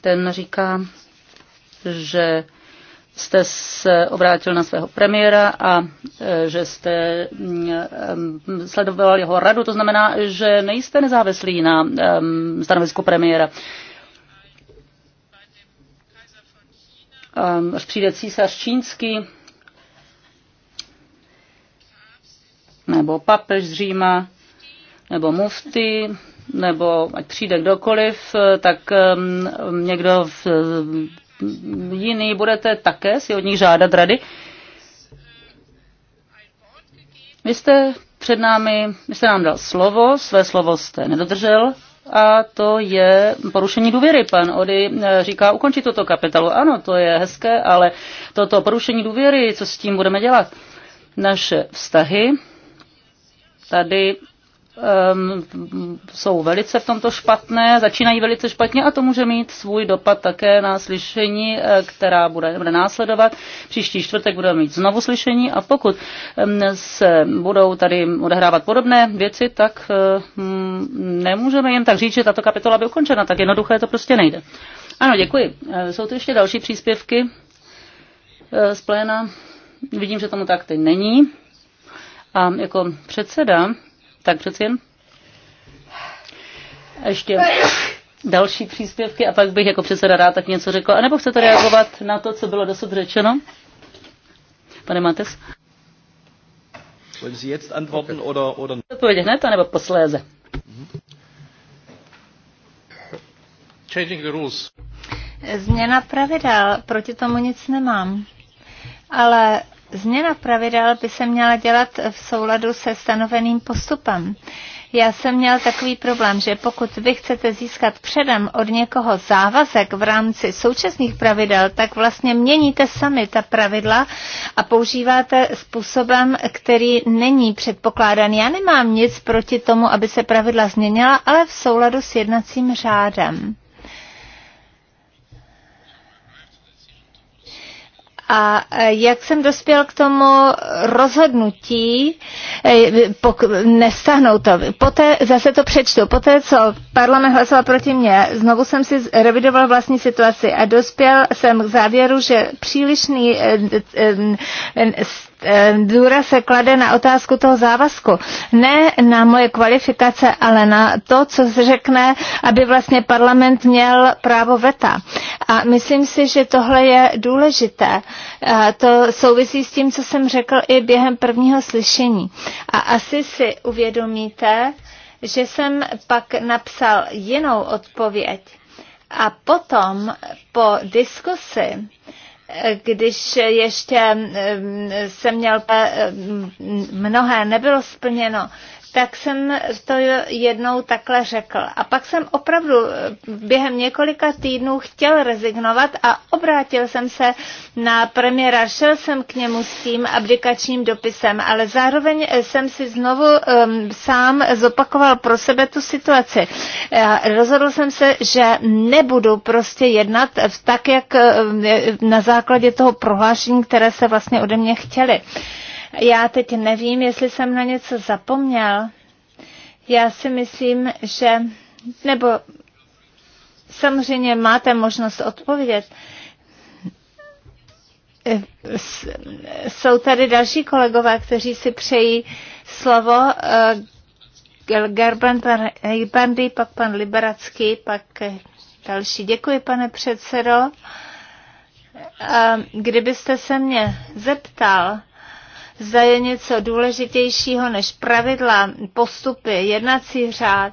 ten říká, že jste se obrátil na svého premiéra a e, že jste mm, e, mm, sledoval jeho radu. To znamená, že nejste nezávislí na e, stanovisku premiéra. Až přijde císař čínský nebo papež z Říma nebo mufty, nebo ať přijde kdokoliv, tak někdo v jiný budete také si od nich žádat rady. Vy jste před námi, vy jste nám dal slovo, své slovo jste nedodržel a to je porušení důvěry. Pan Ody eh, říká, ukončit toto kapitalu. Ano, to je hezké, ale toto porušení důvěry, co s tím budeme dělat? Naše vztahy tady um, jsou velice v tomto špatné, začínají velice špatně a to může mít svůj dopad také na slyšení, eh, která bude, bude následovat. Příští čtvrtek budeme mít znovu slyšení a pokud um, se budou tady odehrávat podobné věci, tak um, nemůžeme jen tak říct, že tato kapitola by ukončena. Tak jednoduché to prostě nejde. Ano, děkuji. Eh, jsou tu ještě další příspěvky z pléna. Vidím, že tomu tak teď není. A jako předseda tak přeci jen. Ještě další příspěvky a pak bych jako předseda rád tak něco řekl. A nebo chcete reagovat na to, co bylo dosud řečeno? Pane Mates? Wollen Sie jetzt antworten okay. oder, oder? Odpověď hned, anebo posléze. Changing the rules. Změna pravidel, proti tomu nic nemám. Ale Změna pravidel by se měla dělat v souladu se stanoveným postupem. Já jsem měl takový problém, že pokud vy chcete získat předem od někoho závazek v rámci současných pravidel, tak vlastně měníte sami ta pravidla a používáte způsobem, který není předpokládaný. Já nemám nic proti tomu, aby se pravidla změnila, ale v souladu s jednacím řádem. A e, jak jsem dospěl k tomu rozhodnutí e, nestáhnout to. Poté zase to přečtu. Poté, co parlament hlasoval proti mě, znovu jsem si revidoval vlastní situaci a dospěl jsem k závěru, že přílišný e, Eh, důraz se klade na otázku toho závazku. Ne na moje kvalifikace, ale na to, co se řekne, aby vlastně parlament měl právo veta. A myslím si, že tohle je důležité. To souvisí s tím, co jsem řekl i během prvního slyšení. A asi si uvědomíte, že jsem pak napsal jinou odpověď. A potom po diskusi když ještě jsem eh, měl eh, mnohé nebylo splněno, tak jsem to jednou takhle řekl. A pak jsem opravdu eh, během několika týdnů chtěl rezignovat a obrátil jsem se na premiéra. Šel jsem k němu s tím abdikačním dopisem, ale zároveň eh, jsem si znovu um, sám zopakoval pro sebe tu situaci. Eh, rozhodl jsem se, že nebudu prostě jednat tak, jak na základě toho prohlášení, které se vlastně ode mě chtěli. Uh, já teď nevím, jestli jsem na něco zapomněl. Já si myslím, že, nebo samozřejmě máte možnost odpovědět. Jsou tady další kolegové, kteří si přejí slovo. Eh, Gerben, pan Hejbandy, pak pan Liberacký, pak eh, další. Děkuji, pane předsedo. Eh, kdybyste se mě zeptal, zda je něco důležitějšího než pravidla, postupy, jednací řád,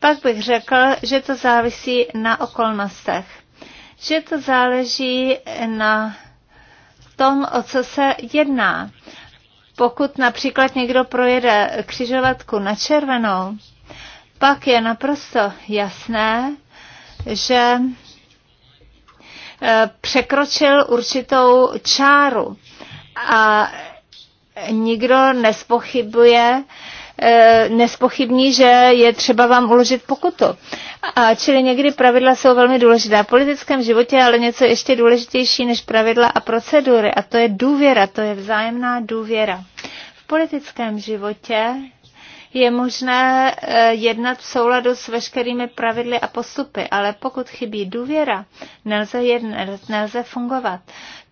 pak bych řekl, že to závisí na okolnostech. Že to záleží na tom, o co se jedná. Pokud například někdo projede křižovatku na červenou, pak je naprosto jasné, že e, překročil určitou čáru. A nikdo nespochybuje, e, nespochybní, že je třeba vám uložit pokutu. A čili někdy pravidla jsou velmi důležitá. V politickém životě ale něco ještě důležitější než pravidla a procedury. A to je důvěra, to je vzájemná důvěra. V politickém životě je možné e, jednat v souladu s veškerými pravidly a postupy, ale pokud chybí důvěra, nelze jednat, nelze fungovat.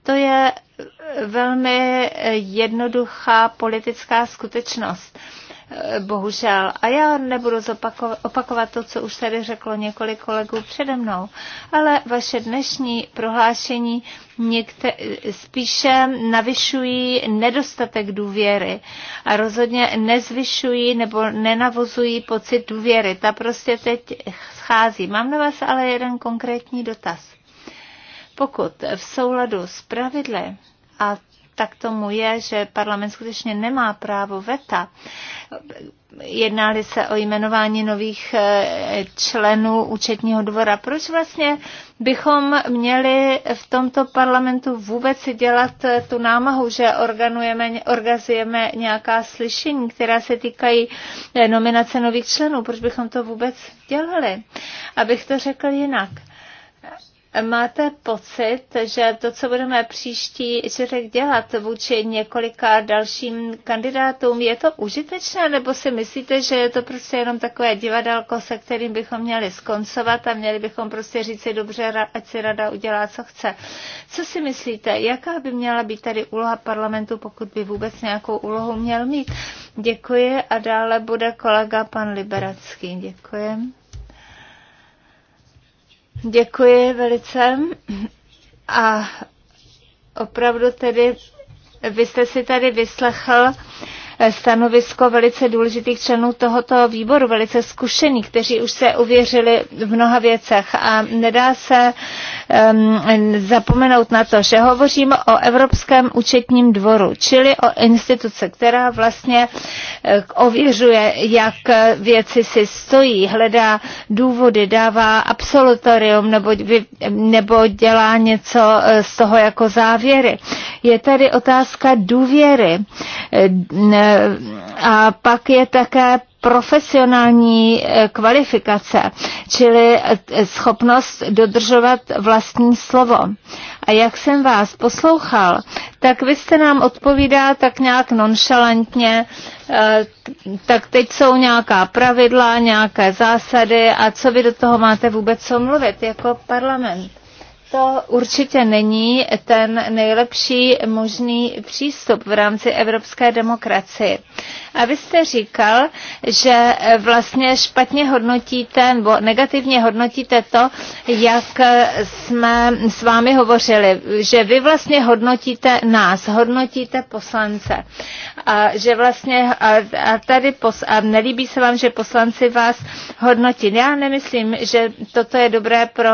To je velmi jednoduchá politická skutečnost bohužel. A já nebudu opakovat to, co už tady řeklo několik kolegů přede mnou, ale vaše dnešní prohlášení někte, spíše navyšují nedostatek důvěry a rozhodně nezvyšují nebo nenavozují pocit důvěry. Ta prostě teď schází. Mám na vás ale jeden konkrétní dotaz. Pokud v souladu s pravidly a tak tomu je, že parlament skutečně nemá právo veta. Jednáli se o jmenování nových eh, členů účetního dvora. Proč vlastně bychom měli v tomto parlamentu vůbec si dělat eh, tu námahu, že organujeme, organizujeme nějaká slyšení, která se týkají eh, nominace nových členů? Proč bychom to vůbec dělali? Abych to řekl jinak. Máte pocit, že to, co budeme příští čtvrtek dělat vůči několika dalším kandidátům, je to užitečné, nebo si myslíte, že je to prostě jenom takové divadelko, se kterým bychom měli skoncovat a měli bychom prostě říci dobře, ať si rada udělá, co chce. Co si myslíte, jaká by měla být tady úloha parlamentu, pokud by vůbec nějakou úlohu měl mít? Děkuji a dále bude kolega pan Liberacký. Děkuji. Děkuji velice. A opravdu tedy vy jste si tady vyslechl stanovisko velice důležitých členů tohoto výboru, velice zkušených, kteří už se uvěřili v mnoha věcech a nedá se um, zapomenout na to, že hovoříme o Evropském účetním dvoru, čili o instituce, která vlastně eh, ověřuje, jak věci si stojí, hledá důvody, dává absolutorium nebo, nebo dělá něco eh, z toho jako závěry. Je tady otázka důvěry eh, a pak je také profesionální eh, kvalifikace, čili eh, schopnost dodržovat vlastní slovo. A jak jsem vás poslouchal, tak vy jste nám odpovídá tak nějak nonšalantně, eh, tak teď jsou nějaká pravidla, nějaké zásady a co vy do toho máte vůbec co mluvit jako parlament to určitě není ten nejlepší možný přístup v rámci evropské demokracie. A vy jste říkal, že vlastně špatně hodnotíte nebo negativně hodnotíte to, jak jsme s vámi hovořili, že vy vlastně hodnotíte nás, hodnotíte poslance. A že vlastně a, a tady pos, a nelíbí se vám, že poslanci vás hodnotí. Já nemyslím, že toto je dobré pro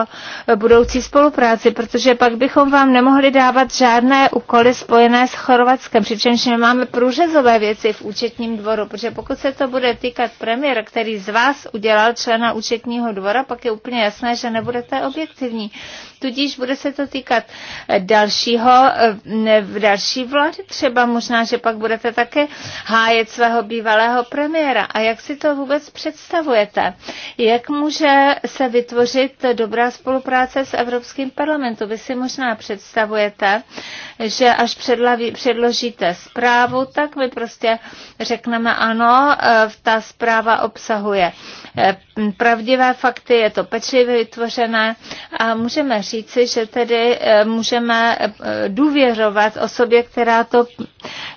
budoucí spolupráci spolupráci, protože pak bychom vám nemohli dávat žádné úkoly spojené s Chorvatskem, přičemž my máme průřezové věci v účetním dvoru, protože pokud se to bude týkat premiéra, který z vás udělal člena účetního dvora, pak je úplně jasné, že nebudete objektivní. Tudíž bude se to týkat eh, dalšího, eh, eh, další vlády třeba. Možná, že pak budete také hájet svého bývalého premiéra. A jak si to vůbec představujete? Jak může se vytvořit dobrá spolupráce s Evropským parlamentem? Vy si možná představujete, že až předlaví, předložíte zprávu, tak my prostě řekneme ano, ta zpráva obsahuje pravdivé fakty, je to pečlivě vytvořené a můžeme říci, že tedy eh, můžeme eh, důvěřovat osobě, která to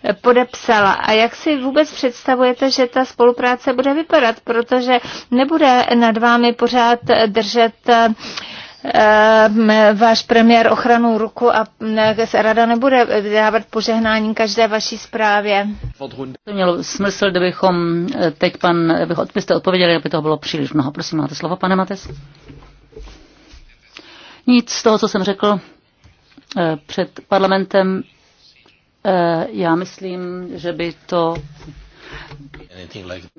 eh, podepsala. A jak si vůbec představujete, že ta spolupráce bude vypadat, protože nebude nad vámi pořád držet váš premiér ochranu ruku a rada nebude dávat požehnání každé vaší zprávě. To mělo smysl, kdybychom teď pan, kdybyste odpověděli, aby toho bylo příliš mnoho. Prosím, máte slovo, pane Mates. Nic z toho, co jsem řekl eh, před parlamentem, eh, já myslím, že by to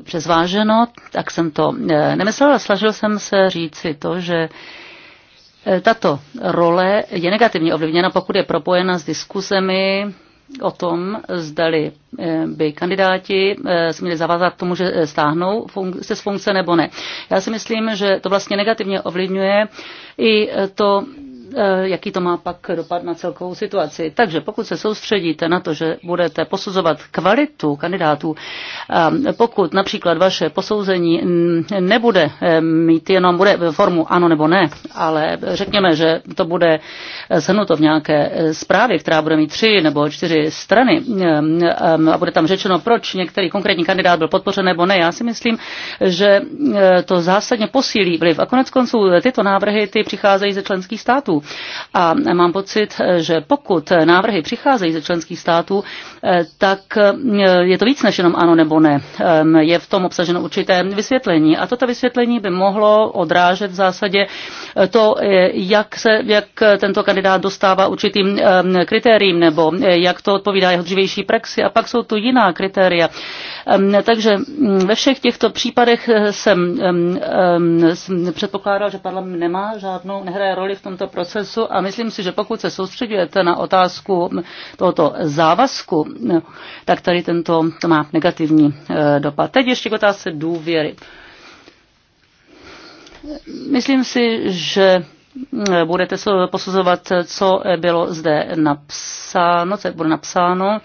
přezváženo, tak jsem to eh, nemyslel, ale snažil jsem se říci to, že tato role je negativně ovlivněna, pokud je propojena s diskuzemi o tom, zdali eh, by kandidáti eh, se měli zavázat tomu, že eh, stáhnou se z funkce nebo ne. Já si myslím, že to vlastně negativně ovlivňuje i to, E, jaký to má pak dopad na celkovou situaci. Takže pokud se soustředíte na to, že budete posuzovat kvalitu kandidátů, pokud například vaše posouzení nebude e, mít jenom bude formu ano nebo ne, ale řekněme, že to bude shrnuto v nějaké zprávě, která bude mít tři nebo čtyři strany e, a bude tam řečeno, proč některý konkrétní kandidát byl podpořen nebo ne. Já si myslím, že to zásadně posílí vliv. A konec konců tyto návrhy ty přicházejí ze členských států a mám pocit, že pokud návrhy přicházejí ze členských států, eh, tak eh, je to víc než jenom ano nebo ne. Ehm, je v tom obsaženo určité vysvětlení. A toto vysvětlení by mohlo odrážet v zásadě eh, to, jak, se, jak tento kandidát dostává určitým ehm, kritériím nebo jak to odpovídá jeho dřívější praxi. A pak jsou tu jiná kritéria. Ehm, takže mm, ve všech těchto případech jsem, jsem předpokládal, že parlament nemá žádnou, nehraje roli v tomto procesu procesu a myslím si, že pokud se soustředujete na otázku tohoto závazku, tak tady tento to má negativní eh, dopad. Teď ještě k otázce důvěry. Myslím si, že eh, budete posuzovat, co bylo zde napsáno, co bude napsáno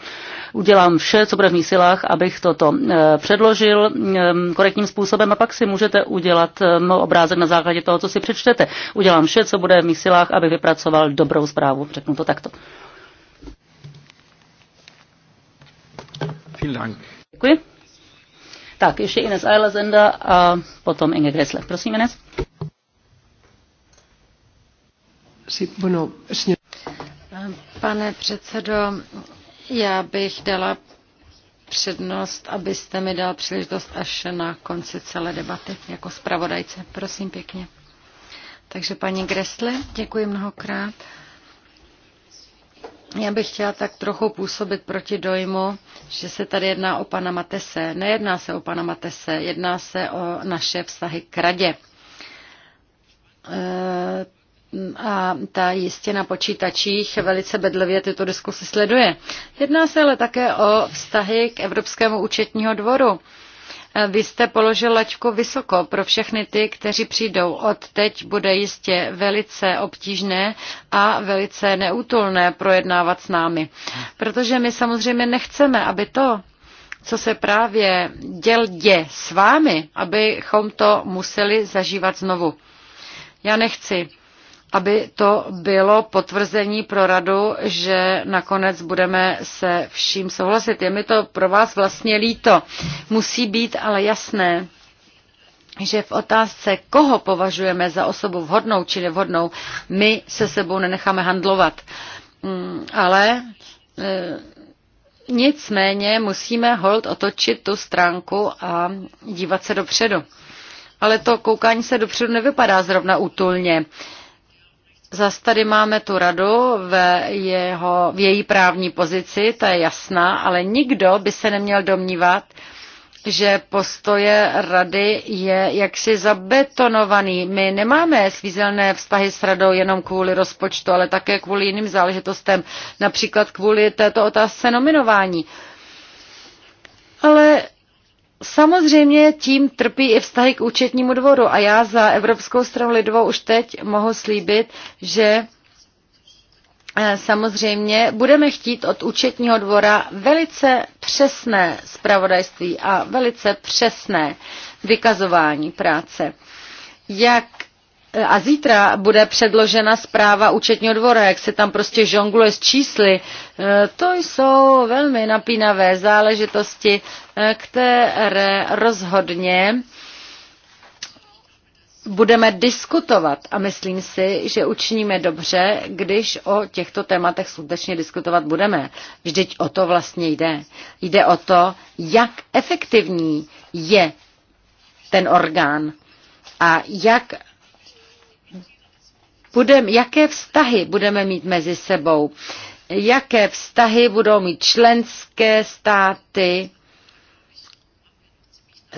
udělám vše, co bude v mých silách, abych toto eh, předložil eh, korektním způsobem a pak si můžete udělat eh, obrázek na základě toho, co si přečtete. Udělám vše, co bude v mých silách, abych vypracoval dobrou zprávu. Řeknu to takto. Děkuji. Tak, ještě Ines Eilazenda a potom Inge Gressle. Prosím, Ines. Pane předsedo, já bych dala přednost, abyste mi dal příležitost až na konci celé debaty jako zpravodajce. Prosím pěkně. Takže paní Gresle, děkuji mnohokrát. Já bych chtěla tak trochu působit proti dojmu, že se tady jedná o pana Matese. Nejedná se o pana Matese, jedná se o naše vztahy k radě. E, a ta jistě na počítačích velice bedlivě tyto diskusy sleduje. Jedná se ale také o vztahy k Evropskému účetního dvoru. Vy jste položil laťku vysoko pro všechny ty, kteří přijdou. Od teď bude jistě velice obtížné a velice neútulné projednávat s námi. Protože my samozřejmě nechceme, aby to, co se právě děl dě s vámi, abychom to museli zažívat znovu. Já nechci, aby to bylo potvrzení pro radu, že nakonec budeme se vším souhlasit. Je mi to pro vás vlastně líto. Musí být ale jasné, že v otázce, koho považujeme za osobu vhodnou či nevhodnou, my se sebou nenecháme handlovat. Mm, ale e, nicméně musíme hold otočit tu stránku a dívat se dopředu. Ale to koukání se dopředu nevypadá zrovna útulně. Zas tady máme tu radu v, jeho, v její právní pozici, ta je jasná, ale nikdo by se neměl domnívat, že postoje rady je jaksi zabetonovaný. My nemáme svízelné vztahy s radou jenom kvůli rozpočtu, ale také kvůli jiným záležitostem, například kvůli této otázce nominování. Ale Samozřejmě tím trpí i vztahy k účetnímu dvoru a já za Evropskou stranu lidovou už teď mohu slíbit, že eh, samozřejmě budeme chtít od účetního dvora velice přesné spravodajství a velice přesné vykazování práce. Jak Eh, a zítra bude předložena zpráva účetního dvora, jak se tam prostě žongluje s čísly. Eh, to jsou velmi napínavé záležitosti, eh, které rozhodně budeme diskutovat a myslím si, že učiníme dobře, když o těchto tématech skutečně diskutovat budeme. Vždyť o to vlastně jde. Jde o to, jak efektivní je ten orgán a jak budem, jaké vztahy budeme mít mezi sebou, jaké vztahy budou mít členské státy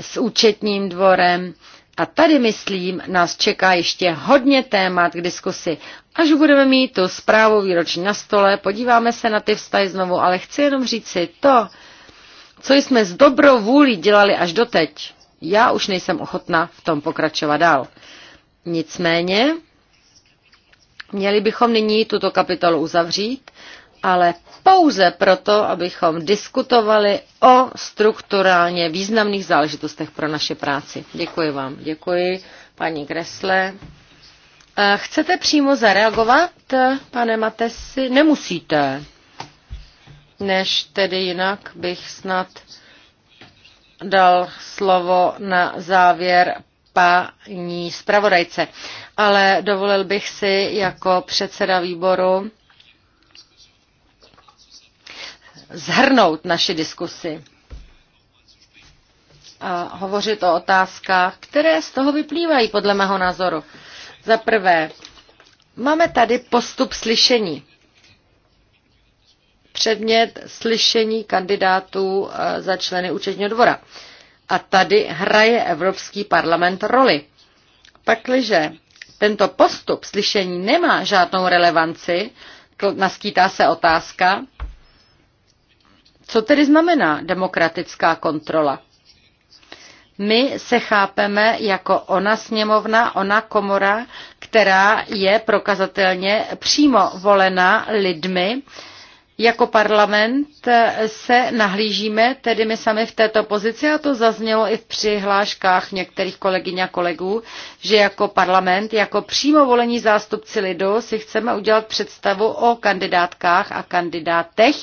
s účetním dvorem. A tady, myslím, nás čeká ještě hodně témat k diskusi. Až budeme mít tu zprávu výroční na stole, podíváme se na ty vztahy znovu, ale chci jenom říci to, co jsme s dobrou vůlí dělali až doteď. Já už nejsem ochotna v tom pokračovat dál. Nicméně Měli bychom nyní tuto kapitolu uzavřít, ale pouze proto, abychom diskutovali o strukturálně významných záležitostech pro naše práci. Děkuji vám. Děkuji, paní Gresle. Eh, chcete přímo zareagovat, pane Matesi? Nemusíte. Než tedy jinak bych snad dal slovo na závěr paní zpravodajce. Ale dovolil bych si jako předseda výboru zhrnout naši diskusi a hovořit o otázkách, které z toho vyplývají podle mého názoru. Za prvé, máme tady postup slyšení. Předmět slyšení kandidátů eh, za členy účetního dvora. A tady hraje Evropský parlament roli. Pakliže tento postup slyšení nemá žádnou relevanci, naskýtá se otázka, co tedy znamená demokratická kontrola? My se chápeme jako ona sněmovna, ona komora, která je prokazatelně přímo volena lidmi, jako parlament se nahlížíme, tedy my sami v této pozici, a to zaznělo i v přihláškách některých kolegyň a kolegů, že jako parlament, jako přímo volení zástupci lidu si chceme udělat představu o kandidátkách a kandidátech,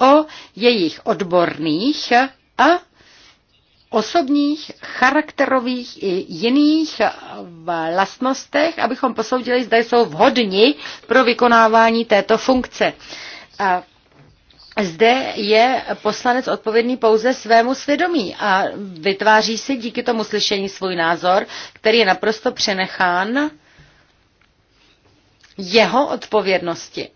o jejich odborných a osobních, charakterových i jiných vlastnostech, abychom posoudili, zda jsou vhodni pro vykonávání této funkce zde je poslanec odpovědný pouze svému svědomí a vytváří si díky tomu slyšení svůj názor, který je naprosto přenechán jeho odpovědnosti.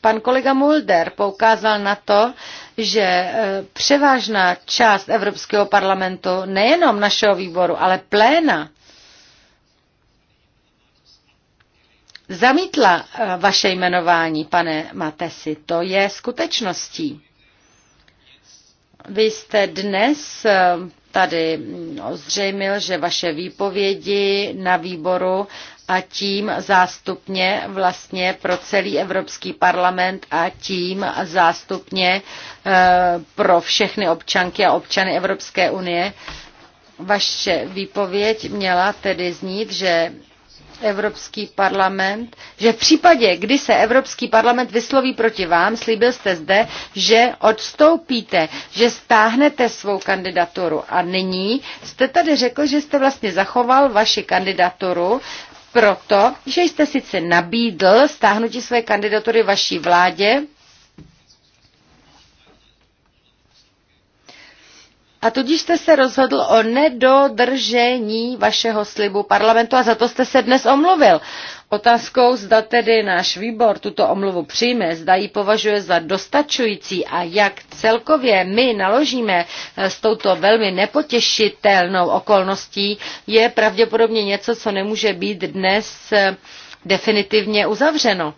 Pan kolega Mulder poukázal na to, že e, převážná část Evropského parlamentu, nejenom našeho výboru, ale pléna, zamítla eh, vaše jmenování, pane Matesi. To je skutečností. Vy jste dnes eh, tady mm, ozřejmil, že vaše výpovědi na výboru a tím zástupně vlastně pro celý Evropský parlament a tím zástupně eh, pro všechny občanky a občany Evropské unie. Vaše výpověď měla tedy znít, že Evropský parlament, že v případě, kdy se Evropský parlament vysloví proti vám, slíbil jste zde, že odstoupíte, že stáhnete svou kandidaturu. A nyní jste tady řekl, že jste vlastně zachoval vaši kandidaturu, proto, že jste sice nabídl stáhnutí své kandidatury vaší vládě, A tudíž jste se rozhodl o nedodržení vašeho slibu parlamentu a za to jste se dnes omluvil. Otázkou, zda tedy náš výbor tuto omluvu přijme, zda ji považuje za dostačující a jak celkově my naložíme eh, s touto velmi nepotěšitelnou okolností, je pravděpodobně něco, co nemůže být dnes eh, definitivně uzavřeno.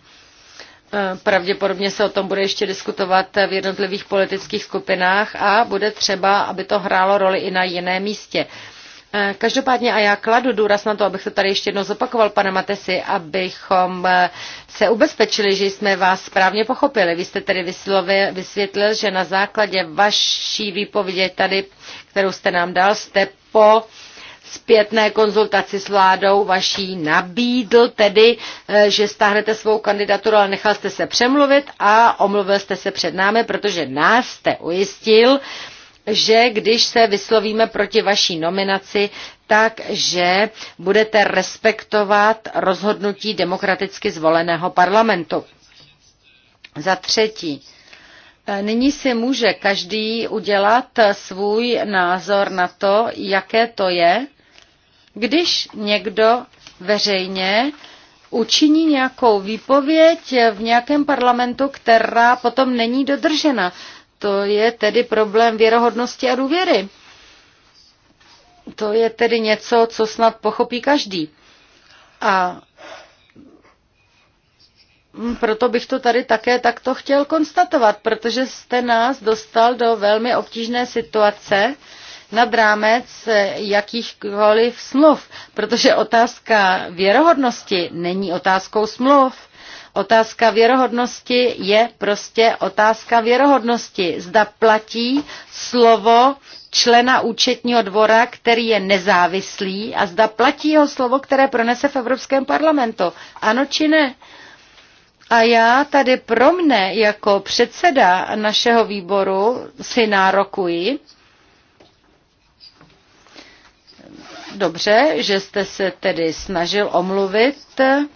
Eh, pravděpodobně se o tom bude ještě diskutovat eh, v jednotlivých politických skupinách a bude třeba, aby to hrálo roli i na jiném místě. Eh, každopádně a já kladu důraz na to, abych to tady ještě jednou zopakoval, pane Matesi, abychom se ubezpečili, že jsme vás správně pochopili. Vy jste tedy vysvětlil, že na základě vaší výpovědi tady, kterou jste nám dal, jste po zpětné konzultaci s vládou vaší nabídl, tedy, eh, že stáhnete svou kandidaturu, ale nechal jste se přemluvit a omluvil jste se před námi, protože nás jste ujistil, že když se vyslovíme proti vaší nominaci, tak, že budete respektovat rozhodnutí demokraticky zvoleného parlamentu. Za třetí, eh, nyní si může každý udělat svůj názor na to, jaké to je, když někdo veřejně učiní nějakou výpověď v nějakém parlamentu, která potom není dodržena. To je tedy problém věrohodnosti a důvěry. To je tedy něco, co snad pochopí každý. A mm, proto bych to tady také takto chtěl konstatovat, protože jste nás dostal do velmi obtížné situace, nad rámec jakýchkoliv smluv, protože otázka věrohodnosti není otázkou smluv. Otázka věrohodnosti je prostě otázka věrohodnosti. Zda platí slovo člena účetního dvora, který je nezávislý a zda platí jeho slovo, které pronese v Evropském parlamentu. Ano či ne? A já tady pro mne jako předseda našeho výboru si nárokuji, Dobře, že jste se tedy snažil omluvit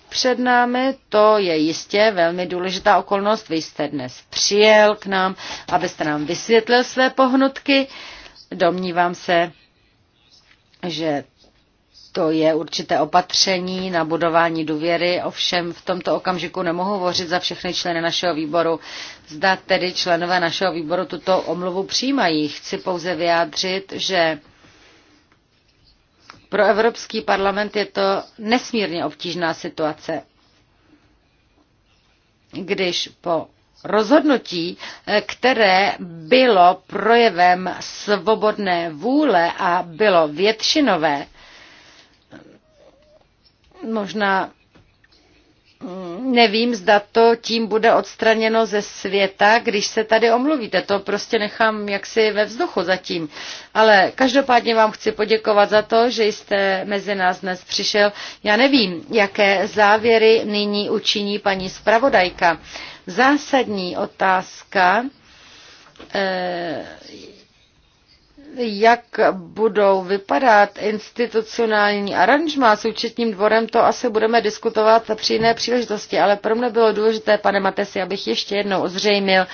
před námi, to je jistě velmi důležitá okolnost. Vy jste dnes přijel k nám, abyste nám vysvětlil své pohnutky. Domnívám se, že to je určité opatření na budování důvěry, ovšem v tomto okamžiku nemohu hovořit za všechny členy našeho výboru. Zda tedy členové našeho výboru tuto omluvu přijímají. Chci pouze vyjádřit, že pro Evropský parlament je to nesmírně obtížná situace, když po rozhodnutí, eh, které bylo projevem svobodné vůle a bylo většinové, možná nevím, zda to tím bude odstraněno ze světa, když se tady omluvíte. To prostě nechám jaksi ve vzduchu zatím. Ale každopádně vám chci poděkovat za to, že jste mezi nás dnes přišel. Já nevím, jaké závěry nyní učiní paní zpravodajka. Zásadní otázka eh, jak budou vypadat institucionální aranžma s účetním dvorem, to asi budeme diskutovat při jiné příležitosti, ale pro mě bylo důležité, pane Matesi, abych ještě jednou ozřejmil,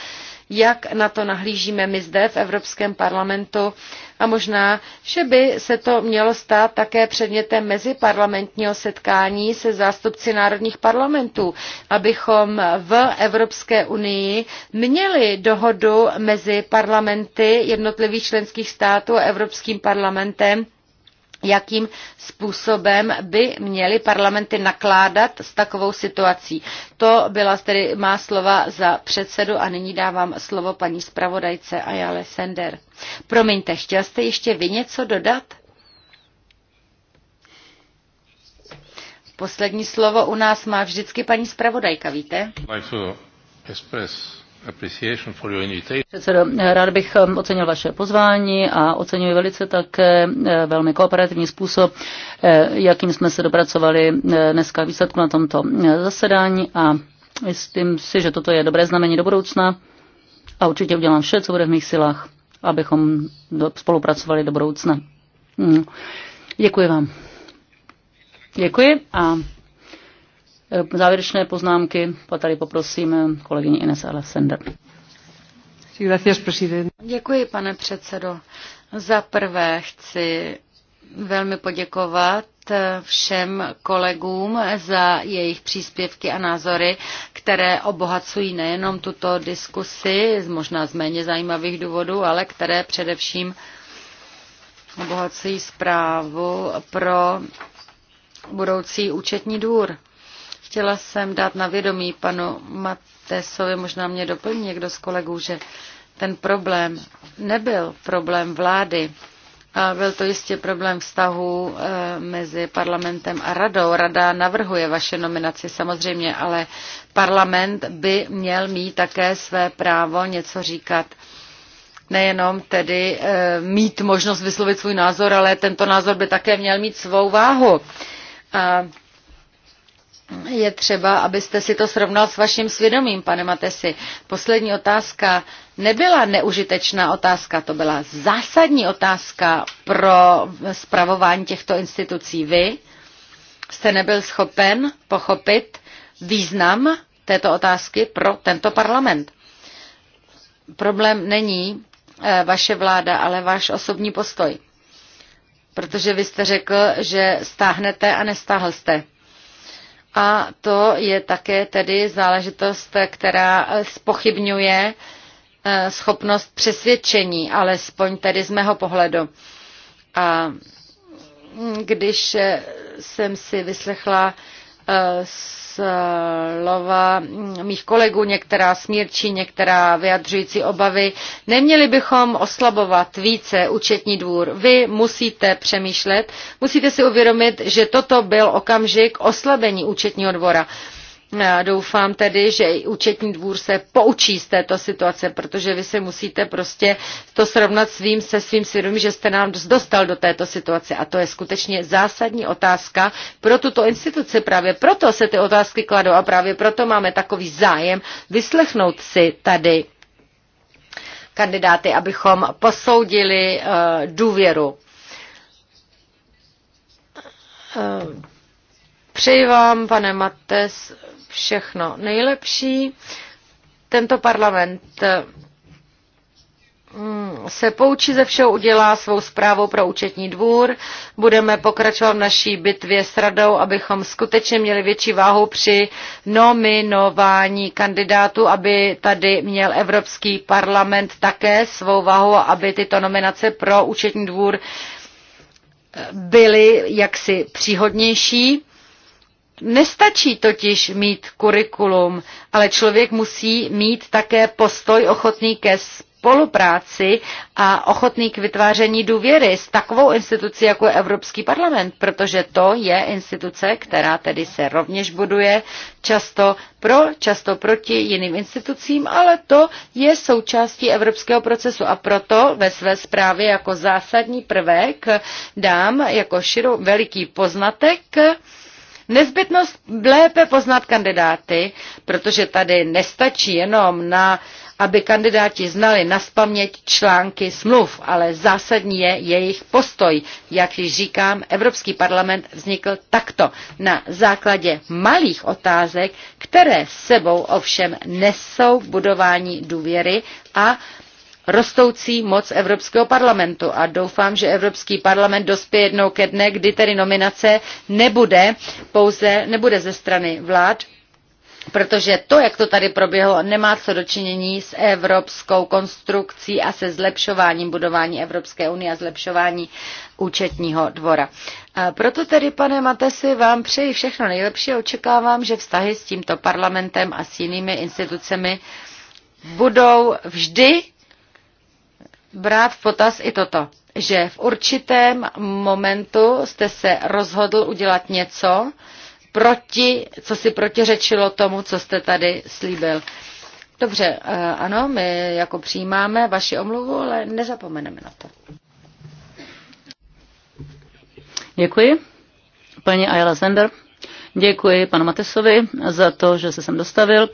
jak na to nahlížíme my zde v Evropském parlamentu a možná, že by se to mělo stát také předmětem meziparlamentního setkání se zástupci národních parlamentů, abychom v Evropské unii měli dohodu mezi parlamenty jednotlivých členských států a Evropským parlamentem, jakým způsobem by měly parlamenty nakládat s takovou situací. To byla tedy má slova za předsedu a nyní dávám slovo paní zpravodajce Ayale Sender. Promiňte, chtěl jste ještě vy něco dodat? Poslední slovo u nás má vždycky paní zpravodajka, víte? Express Předsedo, rád bych um, ocenil vaše pozvání a oceňuji velice také eh, velmi kooperativní způsob, eh, jakým jsme se dopracovali eh, dneska výsledku na tomto zasedání a myslím si, že toto je dobré znamení do budoucna a určitě udělám vše, co bude v mých silách, abychom spolupracovali do budoucna. Hmm. Děkuji vám. Děkuji a Eh, závěrečné poznámky, a tady poprosím eh, kolegyni Ines Alessander. Děkuji, pane předsedo. Za prvé chci velmi poděkovat eh, všem kolegům za jejich příspěvky a názory, které obohacují nejenom tuto diskusi, možná z méně zajímavých důvodů, ale které především obohacují zprávu pro budoucí účetní dvůr. Chtěla jsem dát na vědomí panu Matesovi, možná mě doplní někdo z kolegů, že ten problém nebyl problém vlády, a byl to jistě problém vztahu eh, mezi parlamentem a radou. Rada navrhuje vaše nominaci samozřejmě, ale parlament by měl mít také své právo něco říkat. Nejenom tedy eh, mít možnost vyslovit svůj názor, ale tento názor by také měl mít svou váhu. A je třeba, abyste si to srovnal s vaším svědomím, pane Matesi. Poslední otázka nebyla neužitečná otázka, to byla zásadní otázka pro spravování těchto institucí. Vy jste nebyl schopen pochopit význam této otázky pro tento parlament. Problém není eh, vaše vláda, ale váš osobní postoj. Protože vy jste řekl, že stáhnete a nestáhl jste. A to je také tedy záležitost, která spochybňuje eh, schopnost přesvědčení, alespoň tedy z mého pohledu. A když eh, jsem si vyslechla slova mých kolegů, některá smírčí, některá vyjadřující obavy. Neměli bychom oslabovat více účetní dvůr. Vy musíte přemýšlet, musíte si uvědomit, že toto byl okamžik oslabení účetního dvora. No, doufám tedy, že i účetní dvůr se poučí z této situace, protože vy se musíte prostě to srovnat svým, se svým svědomím, že jste nám dostal do této situace. A to je skutečně zásadní otázka pro tuto instituci. Právě proto se ty otázky kladou a právě proto máme takový zájem vyslechnout si tady kandidáty, abychom posoudili uh, důvěru. Uh, přeji vám, pane Mates, všechno nejlepší. Tento parlament mm, se poučí ze všeho, udělá svou zprávu pro účetní dvůr. Budeme pokračovat v naší bitvě s radou, abychom skutečně měli větší váhu při nominování kandidátů, aby tady měl Evropský parlament také svou váhu, aby tyto nominace pro účetní dvůr byly jaksi příhodnější Nestačí totiž mít kurikulum, ale člověk musí mít také postoj ochotný ke spolupráci a ochotný k vytváření důvěry s takovou institucí, jako je Evropský parlament, protože to je instituce, která tedy se rovněž buduje často pro, často proti jiným institucím, ale to je součástí evropského procesu a proto ve své zprávě jako zásadní prvek dám jako širo, veliký poznatek Nezbytnost lépe poznat kandidáty, protože tady nestačí jenom na aby kandidáti znali na články smluv, ale zásadní je jejich postoj. Jak již říkám, Evropský parlament vznikl takto, na základě malých otázek, které sebou ovšem nesou budování důvěry a rostoucí moc Evropského parlamentu a doufám, že Evropský parlament dospěje jednou ke dni kdy tedy nominace nebude pouze, nebude ze strany vlád, protože to, jak to tady proběhlo, nemá co dočinění s evropskou konstrukcí a se zlepšováním budování Evropské unie a zlepšování účetního dvora. A proto tedy, pane Matesi, vám přeji všechno nejlepší a očekávám, že vztahy s tímto parlamentem a s jinými institucemi budou vždy brát v potaz i toto, že v určitém momentu jste se rozhodl udělat něco, proti, co si protiřečilo tomu, co jste tady slíbil. Dobře, eh, ano, my jako přijímáme vaši omluvu, ale nezapomeneme na to. Děkuji. Paní Ayala Zender, děkuji panu Matesovi za to, že se sem dostavil.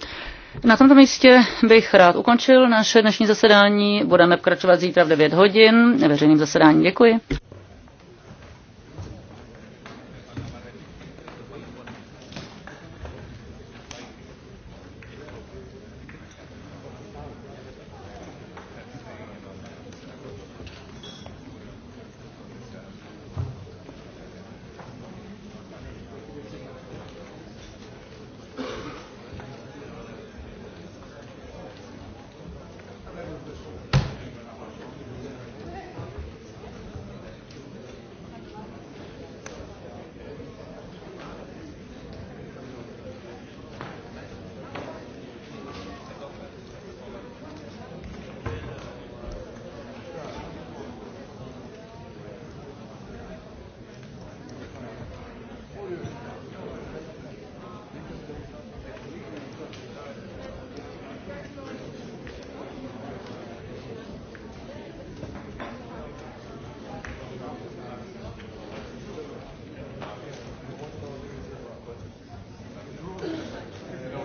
Na tomto místě bych rád ukončil naše dnešní zasedání. Budeme pokračovat zítra v 9 hodin. Veřejným zasedání děkuji.